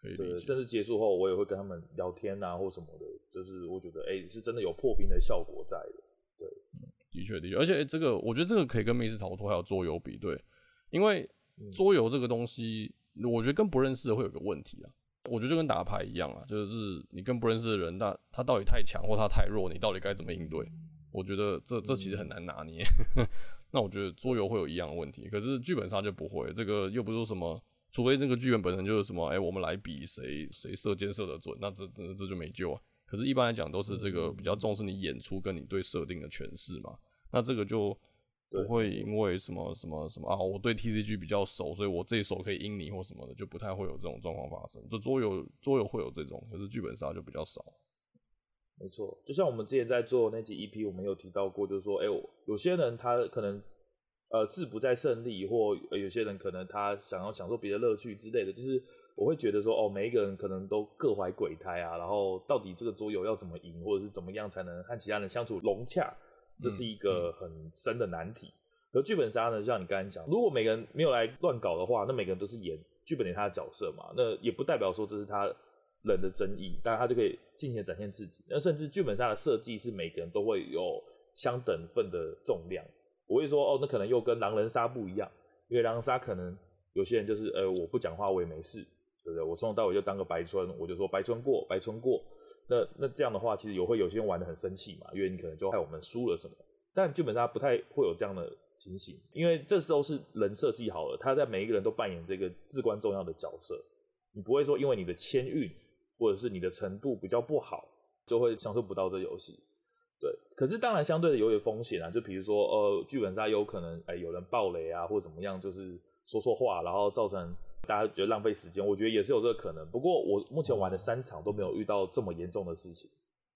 可以理解。對，甚至結束後我也會跟他們聊天啊，或什麼的，就是我覺得哎，是真的有破冰的效果在的，對。的確，的確，而且、欸、這個我覺得這個可以跟密室逃脫還有桌遊比對，因為桌遊這個東西，我覺得跟不認識的會有個問題啊。我覺得就跟打牌一樣啊，就是你跟不認識的人，他他到底太強或他太弱，你到底該怎麼應對？我覺得這這其實很難拿捏。嗯、 [laughs] 那我覺得桌遊會有一樣的問題，可是劇本殺就不會，這個又不是說什麼，除非這個劇本本身就是什麼，哎、欸，我們來比誰誰射箭射得準，那這那這就沒救啊。可是，一般來講都是這個比較重視你演出跟你對設定的詮釋嘛。那這個就不會因為什麼什麼什麼啊，我對 TCG 比較熟，所以我這一手可以陰你或什麼的，就不太會有這種狀況發生。就桌遊，桌遊會有這種，可是劇本殺就比較少。沒錯，就像我們之前在做那幾 EP，我們有提到過，就是說，哎、欸，有些人他可能呃志不在勝利，或、呃、有些人可能他想要享受別的樂趣之類的，就是。我會覺得說，哦，每一個人可能都各懷鬼胎啊，然後到底這個桌遊要怎麼贏，或者是怎麼樣才能和其他人相處融洽，這是一個很深的難題。而劇、嗯嗯、本殺呢，就像你剛才講，如果每個人沒有來亂搞的話，那每個人都是演劇本裡他的角色嘛，那也不代表說這是他人的爭議，但他就可以盡情展現自己。那甚至劇本殺的設計是每個人都會有相等份的重量。我會說，哦，那可能又跟狼人殺不一樣，因為狼人殺可能有些人就是，呃，我不講話我也沒事。我從頭到尾就當個白春，我就說白春過，白春過。那那這樣的話，其實也會有些人玩得很生氣嘛，因為你可能就害我們輸了什麼。但劇本殺不太會有這樣的情形，因為這時候是人設計好了，他在每一個人都扮演這個至關重要的角色。你不會說因為你的籤運或者是你的程度比較不好，就會享受不到這遊戲。對，可是當然相對的有點風險啊，就比如說呃，劇本殺有可能哎、欸、有人爆雷啊，或者怎麼樣，就是說錯話，然後造成。大家覺得浪費時間，我覺得也是有這個可能。不過我目前玩了三場都沒有遇到這麼嚴重的事情，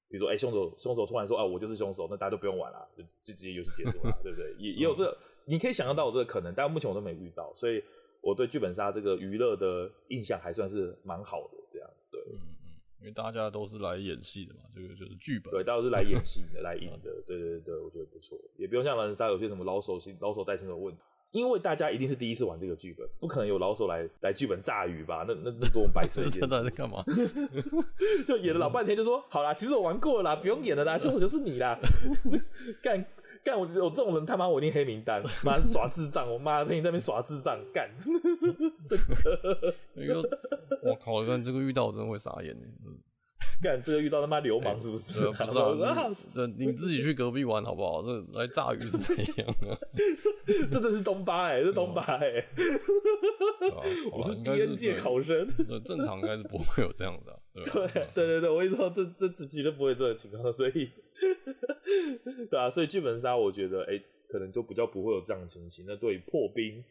比如說，哎、欸，兇手兇手突然說啊，我就是兇手，那大家都不用玩了，就直接遊戲結束了， [laughs] 對不對？也也有這個，嗯、你可以想象到我這個可能，但目前我都沒遇到，所以我對劇本殺這個娛樂的印象還算是蠻好的。這樣，對、嗯，因為大家都是來演戲的嘛，這個就是劇本，對，大家都是來演戲的，來演的， [laughs] 對，對對對，我覺得不錯，也不用像狼人殺有些什麼老手新老手帶新手的問題。因為大家一定是第一次玩這個劇本，不可能有老手來來劇本炸魚吧？那那那多白痴！在在幹嘛？就演了老半天，就說好啦，其實我玩過了啦，不用演了啦，兇手就是你啦！幹幹， [laughs] 我我這種人他媽我一定黑名單，媽耍智障，我媽陪你那邊耍智障幹！幹 [laughs] 真的， [laughs] 我靠，我靠，跟這個遇到我真的會傻眼呢、欸。幹這個遇到他媽流氓是不是、啊欸啊？不你自己去隔壁玩好不好？ [laughs] 這來炸魚是怎樣、啊？ [laughs] 的這真是東巴誒這東巴哎、欸。嗯 [laughs] 啊、我是 DNJ 考生應， [laughs] 正常應該是不會有這樣的、啊啊。對對對對， [laughs] 我一直說這這自己都不會這樣的情況，所以 [laughs] 對啊，所以劇本殺我覺得哎、欸，可能就比較不會有這樣的情形。那對於破冰。.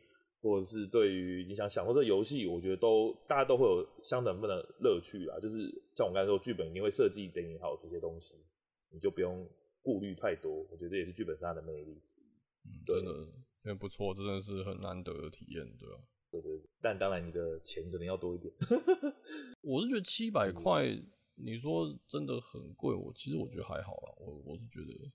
或者是對於你想想說這遊戲，我覺得都大家都會有相等份的樂趣啊。就是像我剛才說，劇本一定會設計等你好這些東西，你就不用顧慮太多。我覺得這也是劇本上的魅力。嗯，真的，因為對不錯，真的是很難得的體驗，對吧、啊？對，對，對。但當然，你的錢可能要多一點。 [laughs] 我是覺得七百塊，的你說真的很貴，我其實我覺得還好啦，我我是覺得。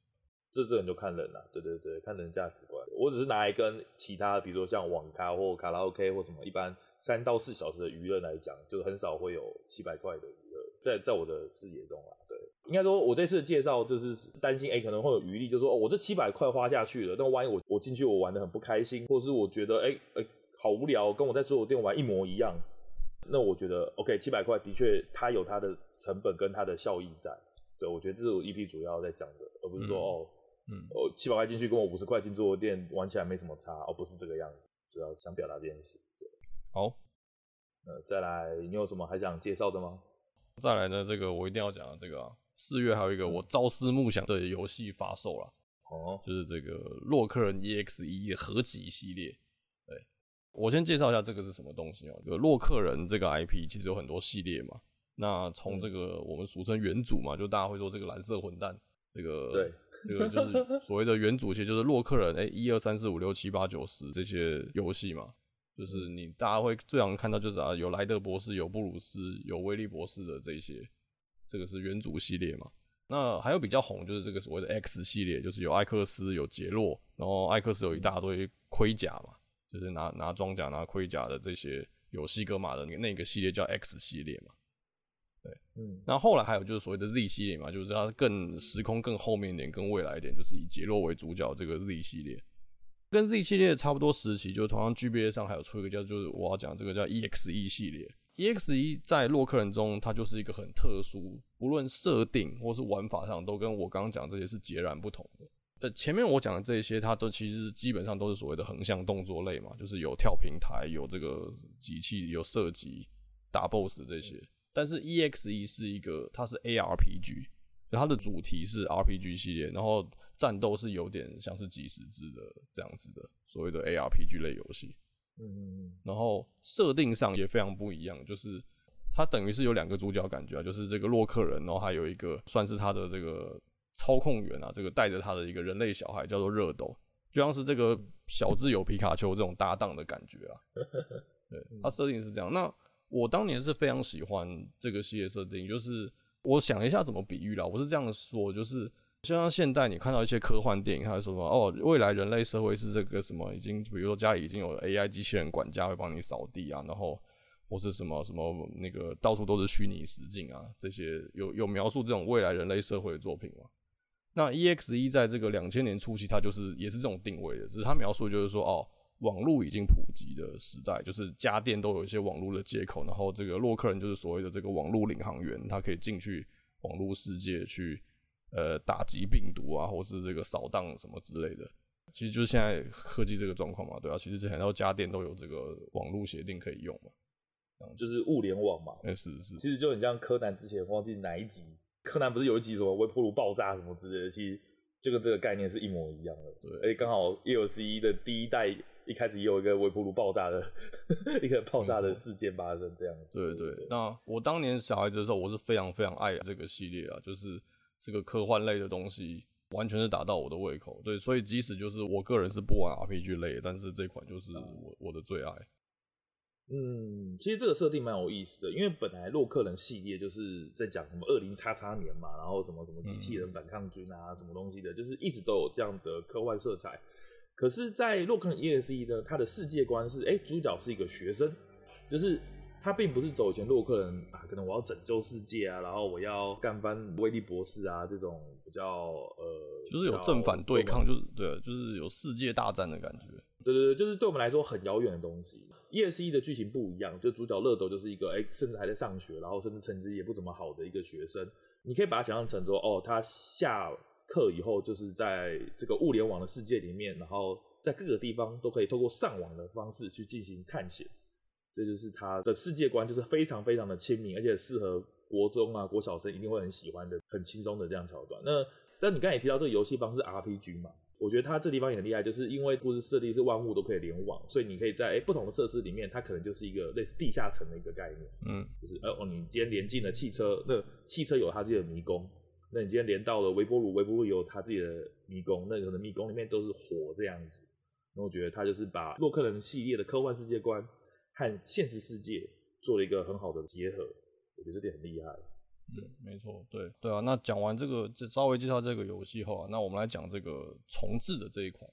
這這人就看人啦、啊，對對對，看人價值觀。我只是拿來跟其他，比如說像網咖或卡拉 OK 或什麼，一般三到四小時的娛樂來講，就是很少會有七百塊的娛樂，在在我的視野中啦、啊。對。應該說，我這次的介紹就是擔心，哎、欸，可能會有餘力，就說、喔、我這七百塊花下去了，但萬一我我進去我玩得很不開心，或者是我覺得哎哎、欸欸、好無聊，跟我在桌遊店玩一模一樣，那我覺得 OK，七百塊的確它有它的成本跟它的效益在，對我覺得這是我 EP 主要在講的，嗯、而不是說哦。喔嗯，我、哦、七百塊進去，跟我五十塊進桌遊店玩起來沒什麼差，而、哦、不是這個樣子。主要想表達這件事。對。好，呃，再來，你有什麼還想介紹的嗎？再來呢，這個我一定要講的，這個四、啊、月還有一個我朝思暮想的遊戲發售了。哦、嗯，就是這個洛克人 EXE 合集系列。對，我先介紹一下這個是什麼東西哦，就洛克人這個 IP 其實有很多系列嘛。那從這個我們俗稱元祖嘛，就大家會說這個藍色混蛋，這個。對。這個就是所謂的元祖系，就是洛克人，哎，一二三四五六七八九十這些遊戲嘛，就是你大家會最常看到就是啊，有萊德博士，有布魯斯，有威利博士的這些，這個是元祖系列嘛。那還有比較紅就是這個所謂的 X 系列，就是有艾克斯，有傑洛，然後艾克斯有一大堆盔甲嘛，就是拿拿裝甲拿盔甲的這些，有西格瑪的那那個系列叫 X 系列嘛。對，嗯，然後後來還有就是所謂的 Z 系列嘛，就是它更時空更後面一點，更未來一點，就是以傑洛為主角這個 Z 系列，跟 Z 系列差不多時期，就是同樣 GBA 上還有出一個叫，就是我要講這個叫 EXE 系列，EXE 在洛克人中它就是一個很特殊，不論設定或是玩法上都跟我剛剛講這些是截然不同的。呃，前面我講的這些，它都其實基本上都是所謂的橫向動作類嘛，就是有跳平台，有這個機器，有射擊，打 BOSS 這些。嗯但是 EXE 是一個，它是 ARPG，它的主題是 RPG 系列，然後戰鬥是有點像是即時制的這樣子的所謂的 ARPG 類遊戲。嗯嗯嗯。然後設定上也非常不一樣，就是它等於是有兩個主角感覺，啊，就是這個洛克人，然後還有一個算是他的這個操控員啊，這個帶着他的一個人類小孩叫做熱斗，就像是這個小智有皮卡丘這種搭檔的感覺啊。對，它設定是這樣。那我當年是非常喜歡這個系列設定，就是我想一下怎麼比喻啦，我是這樣說，就是就像現代你看到一些科幻電影，它會說哦，未來人類社會是這個什麼，已經比如說家裡已經有 AI 機器人管家會幫你掃地啊，然後或是什麼什麼那個到處都是虛擬實境啊，這些有有描述這種未來人類社會的作品嗎？那 EXE 在這個兩千年初期，它就是也是這種定位的，只是它描述就是說哦。網絡已經普及的時代，就是家電都有一些網絡的接口，然後這個洛克人就是所謂的這個網絡領航員，他可以進去網絡世界去，呃，打擊病毒啊，或是這個掃蕩什麼之類的。其實就是現在科技這個狀況嘛，對啊，其實很多家電都有這個網絡協定可以用嘛，嗯，就是物聯網嘛。是是、欸、是。是其實就很像柯南之前忘記哪一集，柯南不是有一集什麼微波爐爆炸什麼之類的，其實就跟這個概念是一模一樣的。對，哎，剛好 EXE 的第一代。一開始也有一個微波爐爆炸的 [laughs] 一個爆炸的事件發生，這樣子、嗯、對對。那我當年小孩子的時候，我是非常非常愛這個系列啊，就是這個科幻類的東西完全是打到我的胃口。對，所以即使就是我個人是不玩 RPG 類的，但是這款就是我、嗯、我的最愛。嗯，其實這個設定蠻有意思的，因為本來洛克人系列就是在講什麼二零叉叉年嘛，然後什麼什麼機器人反抗軍啊，嗯、什麼東西的，就是一直都有這樣的科幻色彩。可是，在洛克人 EXE 呢，他的世界觀是：哎，主角是一個學生，就是他並不是走以前洛克人啊，可能我要拯救世界啊，然後我要幹翻威利博士啊這種比較呃，就是有正反對抗，嗯、就是對、啊，就是有世界大戰的感覺。對對對，就是對我們來說很遙遠的東西。EXE 的劇情不一樣，就主角熱斗就是一個哎，甚至還在上學，然後甚至成績也不怎麼好的一個學生。你可以把它想象成說，哦，他下。課以後就是在這個物聯網的世界裡面，然後在各個地方都可以透過上網的方式去進行探險，這就是他的世界觀，就是非常非常的親民，而且適合國中啊、國小生一定會很喜歡的，很輕鬆的這樣橋段。那但你剛才也提到這個遊戲方式 RPG 嘛，我覺得它這地方也很厲害，就是因為故事設定是萬物都可以聯網，所以你可以在、欸、不同的設施裡面，它可能就是一個類似地下城的一個概念，嗯，就是哦，你今天連進了汽車，那汽車有它自己的迷宮。那你今天連到了微波爐，微波爐有它自己的迷宮，那可能迷宮裡面都是火這樣子。那我覺得它就是把洛克人系列的科幻世界觀和現實世界做了一個很好的結合，我覺得這點很厲害。對，嗯、沒錯，對，對啊。那講完這個，只稍微介紹這個遊戲後啊，那我們來講這個重製的這一款，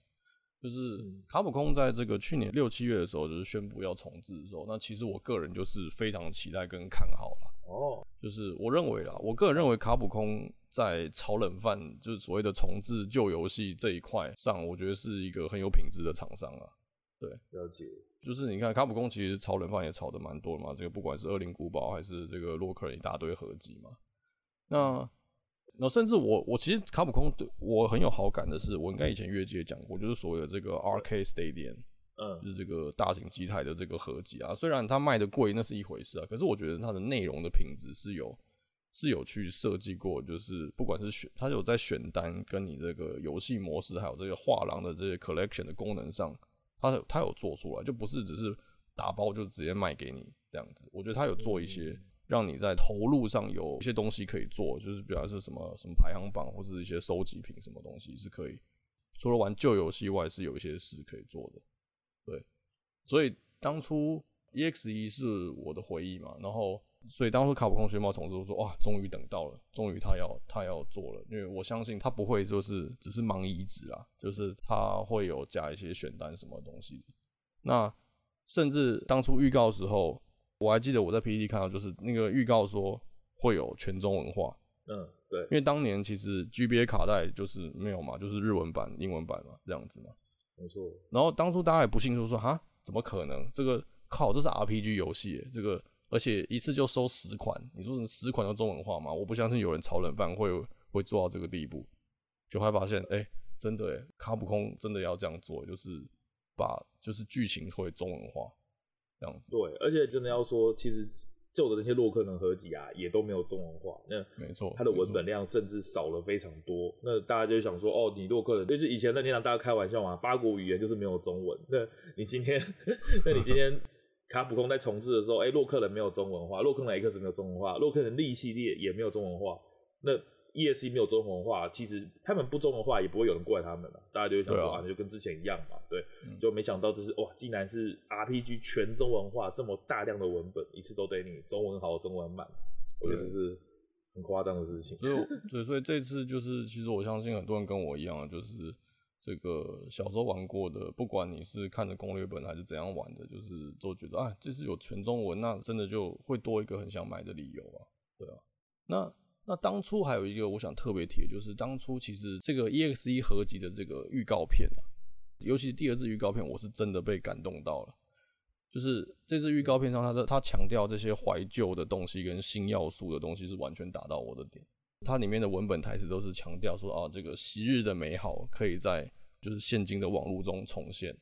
就是卡普空在這個去年六七月的時候就是宣布要重製的時候，那其實我個人就是非常期待跟看好了。哦，oh. 就是我認為啦，我個人認為卡普空在炒冷飯，就是所謂的重置舊遊戲這一塊上，我覺得是一個很有品質的廠商啊。對，了解。就是你看卡普空其實炒冷飯也炒的蠻多嘛，這個不管是《二零古堡》還是這個《洛克人》一大堆合集嘛。那，那甚至我我其實卡普空對我很有好感的是，我應該以前月記講過，就是所謂的這個 R K Stadium。嗯，就是這個大型機台的這個合集啊，雖然它賣的貴那是一回事啊，可是我覺得它的內容的品質是有是有去設計過，就是不管是選，它有在選單跟你這個遊戲模式，還有這個畫廊的這些 collection 的功能上，它有它有做出來，就不是只是打包就直接賣給你這樣子。我覺得它有做一些讓你在投入上有一些東西可以做，就是比方說什麼什麼排行榜或是一些收集品什麼東西是可以，除了玩舊遊戲外，是有一些事可以做的。所以當初、EX、E X E 是我的回憶嘛，然後所以當初卡普空宣布重組，我說哇，終於等到了，終於他要他要做了，因為我相信他不會就是只是盲移植啦，就是他會有加一些選單什麼東西。那甚至當初預告的時候，我還記得我在 P P T 看到就是那個預告說會有全中文化，嗯，對，因為當年其實 G B A 卡帶就是沒有嘛，就是日文版、英文版嘛這樣子嘛，沒錯。然後當初大家也不信，就說哈。怎麼可能？這個靠，這是 RPG 遊戲，這個而且一次就收十款，你說十款要中文化嗎？我不相信有人炒冷飯會會做到這個地步。就會發現，哎、欸，真的，卡普空真的要這樣做，就是把就是劇情會中文化，這樣子。對，而且真的要說，其實。舊的那些洛克人合集啊，也都沒有中文化。那沒錯，它的文本量甚至少了非常多。錯那大家就想說，錯哦，你洛克人就是以前那天讓大家開玩笑嘛，八國語言就是沒有中文。那你今天， [laughs] [laughs] 那你今天卡普空在重製的時候，哎、欸，洛克人沒有中文化，洛克人 X 沒有中文化，洛克人利系列也沒有中文化。那 E.S.C 沒有中文化，其實他們不中文化也不會有人怪他們了，大家就會想說啊，啊就跟之前一樣嘛，對，嗯、就沒想到這、就是哇，竟然是 R.P.G 全中文化這麼大量的文本，一次都給你中文好中文慢，我覺得這是很誇張的事情。對 [laughs] 所以對，所以這次就是，其實我相信很多人跟我一樣、啊，就是這個小時候玩過的，不管你是看着攻略本還是怎樣玩的，就是都覺得啊，這次有全中文，那真的就會多一個很想買的理由啊，對啊，那。那當初還有一個，我想特別提，就是當初其實這個《EXE》合集的這個預告片啊，尤其是第二支預告片，我是真的被感動到了。就是這支預告片上，它的它強調這些懷舊的東西跟新要素的東西是完全打到我的點。它裡面的文本台詞都是強調說啊，這個昔日的美好可以在就是現今的網絡中重現。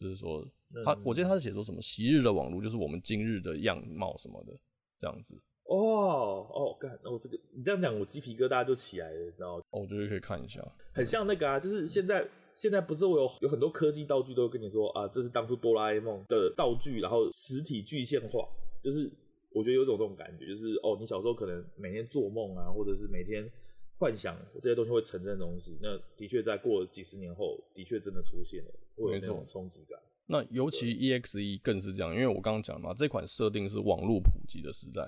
就是說，他我記得他是寫說什麼“昔日的網絡”就是我們今日的樣貌什麼的這樣子。哦哦，幹哦，這個你這樣講，我雞皮疙瘩就起來了，你知道嗎？哦，我覺得可以看一下，很像那個啊，就是現在、嗯、現在不是我有有很多科技道具都跟你說啊，這是當初哆啦 A 夢的道具，然後實體具現化，就是我覺得有種這種感覺，就是哦，oh, 你小時候可能每天做夢啊，或者是每天幻想這些東西會成真的東西，那的確在過了幾十年後的確真的出現了，會有一種衝擊感。沒錯。對。那尤其 EXE 更是這樣，因為我剛剛講了嘛，這款設定是網絡普及的時代。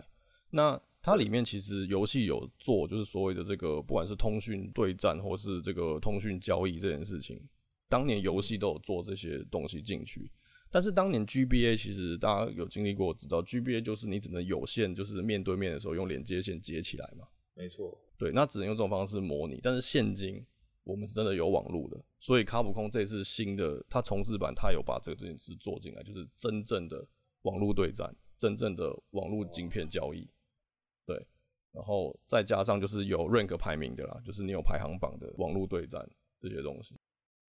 那它裡面其實遊戲有做，就是所謂的這個，不管是通訊對戰或是這個通訊交易這件事情，當年遊戲都有做這些東西進去。但是當年 GBA 其實大家有經歷過，我知道 GBA 就是你只能有線，就是面對面的時候用連接線接起來嘛。沒錯。對，那只能用這種方式模擬。但是現今我們是真的有網絡的，所以卡普空這次新的它重置版，它有把這個這件事做進來，就是真正的網絡對戰，真正的網絡晶片交易。對，然後再加上就是有 rank 排名的啦，就是你有排行榜的網絡對戰這些東西。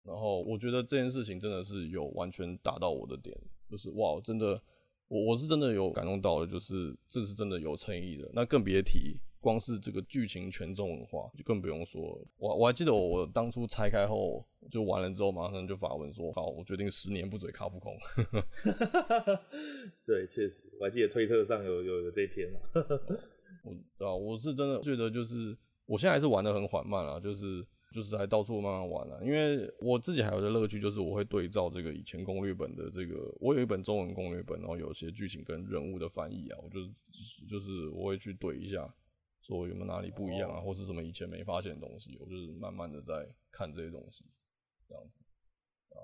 然後我覺得這件事情真的是有完全打到我的點，就是哇，真的，我我是真的有感動到，就是這是真的有誠意的。那更別提光是這個劇情全中文化，就更不用說了。我我還記得我當初拆開後就完了之後，馬上就發文說，好，我決定十年不嘴卡普空。 [laughs] [laughs] 對，確實，我還記得推特上有有有這篇 [laughs] 我啊，我是真的覺得，就是我現在還是玩得很緩慢啊，就是就是還到處慢慢玩啊，因為我自己還有的樂趣，就是我會對照這個以前攻略本的這個，我有一本中文攻略本，然後有些劇情跟人物的翻譯啊，我就就是、就是、我會去對一下，說有沒有哪裡不一樣啊，或是什麼以前沒發現的東西，我就是慢慢的在看這些東西，這樣子啊、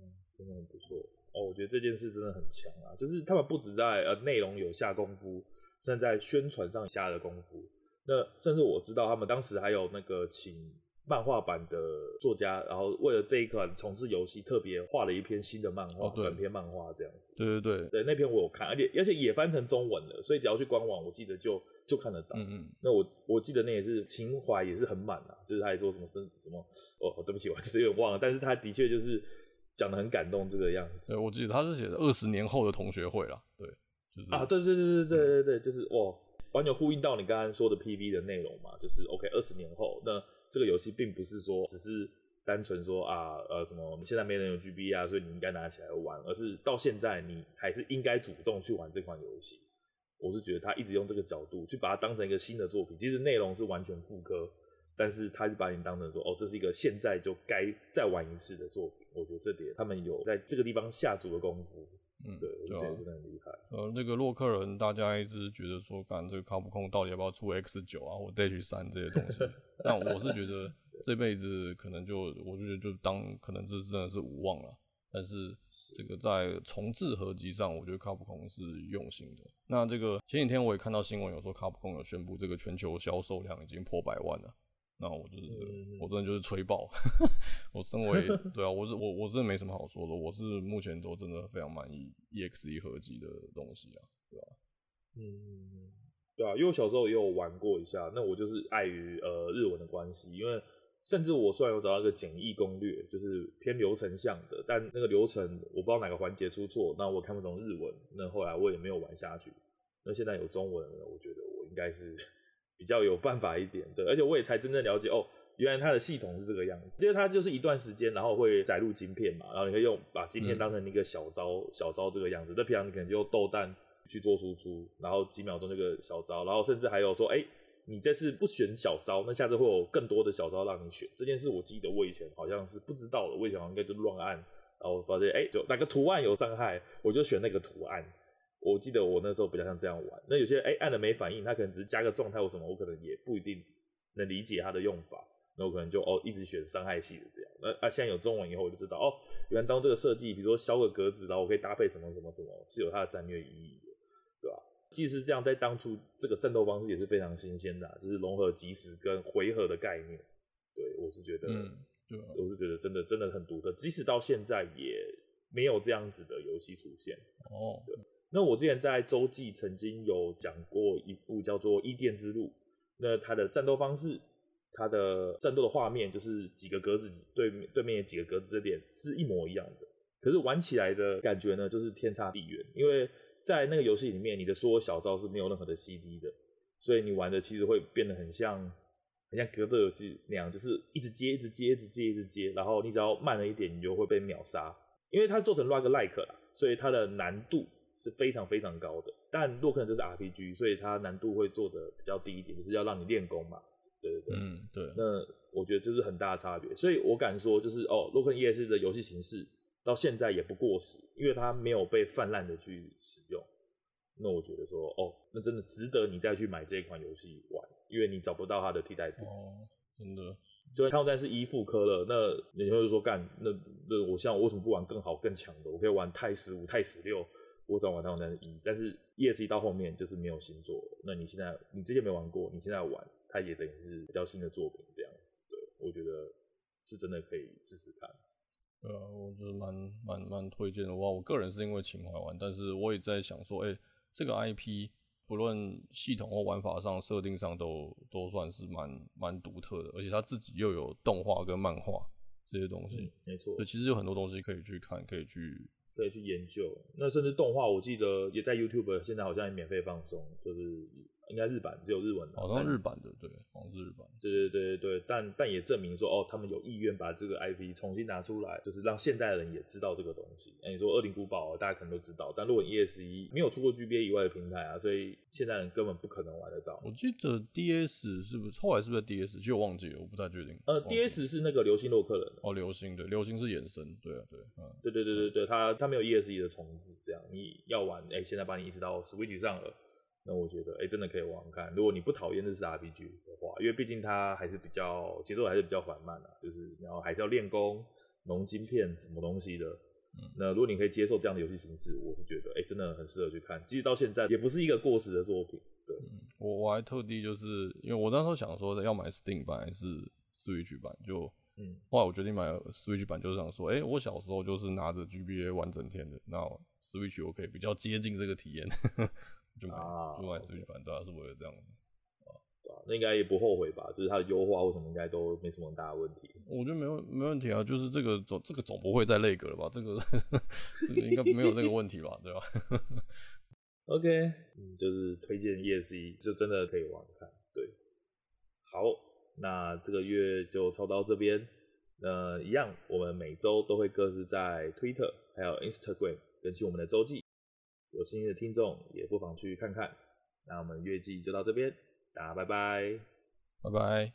嗯，真的很不錯哦。我覺得這件事真的很強啊，就是他們不只在呃內容有下功夫。正在宣傳上下的功夫，那甚至我知道他們當時還有那個請漫畫版的作家，然後為了這一款重置遊戲特別畫了一篇新的漫畫，哦、對短篇漫畫這樣子。對對對,對，那篇我有看，而且而且也翻成中文了，所以只要去官網，我記得就就看得到。嗯,嗯那我我記得那也是情懷也是很滿啊，就是他還說什麼什什麼,什麼哦，對不起，我其實有點忘了，但是他的確就是講得很感動這個樣子。對、欸，我記得他是寫的二十年後的同學會了，對。就是、啊，對對對對對對對，就是哇，完、哦、全呼應到你剛剛說的 PV 的內容嘛，就是 OK，二十年後，那這個遊戲並不是說只是單純說啊，呃，什麼現在沒人有 GB 啊，所以你應該拿起來玩，而是到現在你還是應該主動去玩這款遊戲。我是覺得他一直用這個角度去把它當成一個新的作品，其實內容是完全復刻，但是他是把你當成說，哦，這是一個現在就該再玩一次的作品。我覺得這點他們有在這個地方下足了功夫。嗯，對，對啊。真的很厲害。呃，那、這個洛克人，大家一直覺得說，看這個卡普空到底要不要出 X 九，啊，或 DASH 三這些東西。那 [laughs] 我是覺得這輩子可能就，我就覺得就當可能這真的是無望了。但是這個在重置合集上，我覺得卡普空是用心的。那這個前幾天我也看到新聞，有說卡普空有宣布這個全球銷售量已經破百萬了。那我就是、這個，嗯、我真的就是吹爆， [laughs] 我身為對啊，我我我真的沒什麼好說的，我是目前都真的非常滿意 EXE 合集的東西啊，對吧、啊？嗯，對啊，因為我小時候也有玩過一下，那我就是礙於呃日文的關係，因為甚至我雖然有找到一個簡易攻略，就是偏流程向的，但那個流程我不知道哪個環節出錯，那我看不懂日文，那後來我也沒有玩下去。那現在有中文了，我覺得我應該是。比較有辦法一點，對，而且我也才真正了解哦，原來它的系統是這個樣子，因為它就是一段時間，然後會載入晶片嘛，然後你可以用把晶片當成一個小招、嗯、小招這個樣子。那平常你可能就用豆彈去做輸出，然後幾秒鐘這個小招，然後甚至還有說，哎、欸，你這次不選小招，那下次會有更多的小招讓你選。這件事我記得我以前好像是不知道的，我以前好像應該就亂按，然後發現哎，就哪個圖案有傷害，我就選那個圖案。我記得我那時候比較像這樣玩，那有些哎、欸、按了沒反應，它可能只是加個狀態或什麼，我可能也不一定能理解它的用法，那我可能就哦一直選傷害系的這樣。那啊現在有中文以後我就知道哦，原來當這個設計，比如說削個格子，然後我可以搭配什麼什麼什麼是有它的戰略意義的，對吧、啊？即使這樣，在當初這個戰鬥方式也是非常新鮮的、啊，就是融合即時跟回合的概念。對，我是覺得，嗯、對我是覺得真的真的很獨特，即使到現在也沒有這樣子的遊戲出現哦。對那我之前在周記曾經有講過一部叫做《伊甸之路》，那它的戰鬥方式、它的戰鬥的畫面，就是幾個格子對面對面也幾個格子這，這點是一模一樣的。可是玩起來的感覺呢，就是天差地遠，因為在那個遊戲裡面，你的所有小招是沒有任何的 CD 的，所以你玩的其實會變得很像很像格鬥遊戲那樣，就是一直接一直接一直接一直接，然後你只要慢了一點，你就會被秒殺。因為它做成 Roguelike 了，所以它的難度。是非常非常高的，但洛克人就是 RPG，所以它難度會做的比較低一點，就是要讓你練功嘛，對對對，嗯，對。那我覺得這是很大的差別，所以我敢說，就是哦，洛克人 EXE 的遊戲形式到現在也不過時，因為它沒有被泛濫的去使用。那我覺得說哦，那真的值得你再去買這一款遊戲玩，因為你找不到它的替代品。哦，真的。就看現在是一副科了，那你會說幹，那那我像，我為什麼不玩更好更強的？我可以玩太十五、太十六。16, 我想玩到我，但是但是 EXE 到後面就是沒有新作。那你現在你之前沒玩過，你現在玩，它也等於是比較新的作品這樣子。對，我覺得是真的可以試試看。對啊，我是蠻蠻蠻推薦的話，我個人是因為情懷玩，但是我也在想說，哎、欸，這個 IP 不論系統或玩法上、設定上都都算是蠻蠻獨特的，而且它自己又有動畫跟漫畫這些東西，嗯、沒錯。對，其實有很多東西可以去看，可以去。可以去研究，那甚至動畫，我記得也在 YouTube，現在好像也免費放送，就是。應該日版只有日文吧？好像、哦、日版的，對，好像是日版。對對對對對，但但也證明說，哦，他們有意願把這個 IP 重新拿出來，就是讓現在的人也知道這個東西。哎、欸，你說《惡靈古堡、啊》，大家可能都知道，但如果你 ES 一沒有出過 GBA 以外的平台啊，所以現在人根本不可能玩得到。我記得 DS 是不是後來是不是在 DS？其實我忘記了，我不太確定。呃，DS 是那個流星洛克人的哦，流星對，流星是衍生，對啊，對，嗯，對對對對對，它它沒有 ES 一的重置，這樣你要玩，哎、欸，現在把你移植到 Switch 上了。那我覺得，哎、欸，真的可以玩看。如果你不討厭日式 RPG 的話，因為畢竟它還是比較節奏還是比較緩慢的、啊，就是然後還是要練功、農晶片什麼東西的。嗯、那如果你可以接受這樣的遊戲形式，我是覺得，哎、欸，真的很適合去看。即使到現在也不是一個過時的作品。對，我我還特地就是因為我那時候想說要買 Steam 版還是 Switch 版，就後來我決定買 Switch 版，就是想說，哎、欸，我小時候就是拿着 GBA 玩整天的，那 Switch 我可以比較接近這個體驗。 [laughs] 就買，啊、就買 Switch 版，隨便反對、啊，還是不會有這樣的啊,啊？那應該也不後悔吧？就是它的優化或什麼，應該都沒什麼很大的問題。我覺得沒有沒問題啊，就是這個總這個總不會再 lag 了吧？這個 [laughs] 應該沒有那個問題吧？對吧、啊、 [laughs] ？OK，嗯，就是推薦 EXE 就真的可以玩看。對，好，那這個月就抄到這邊。那、呃、一樣，我們每周都會各自在推特還有 Instagram 更新我們的周記。有興趣的聽眾也不妨去看看。那我們月記就到這邊，大家拜拜，拜拜。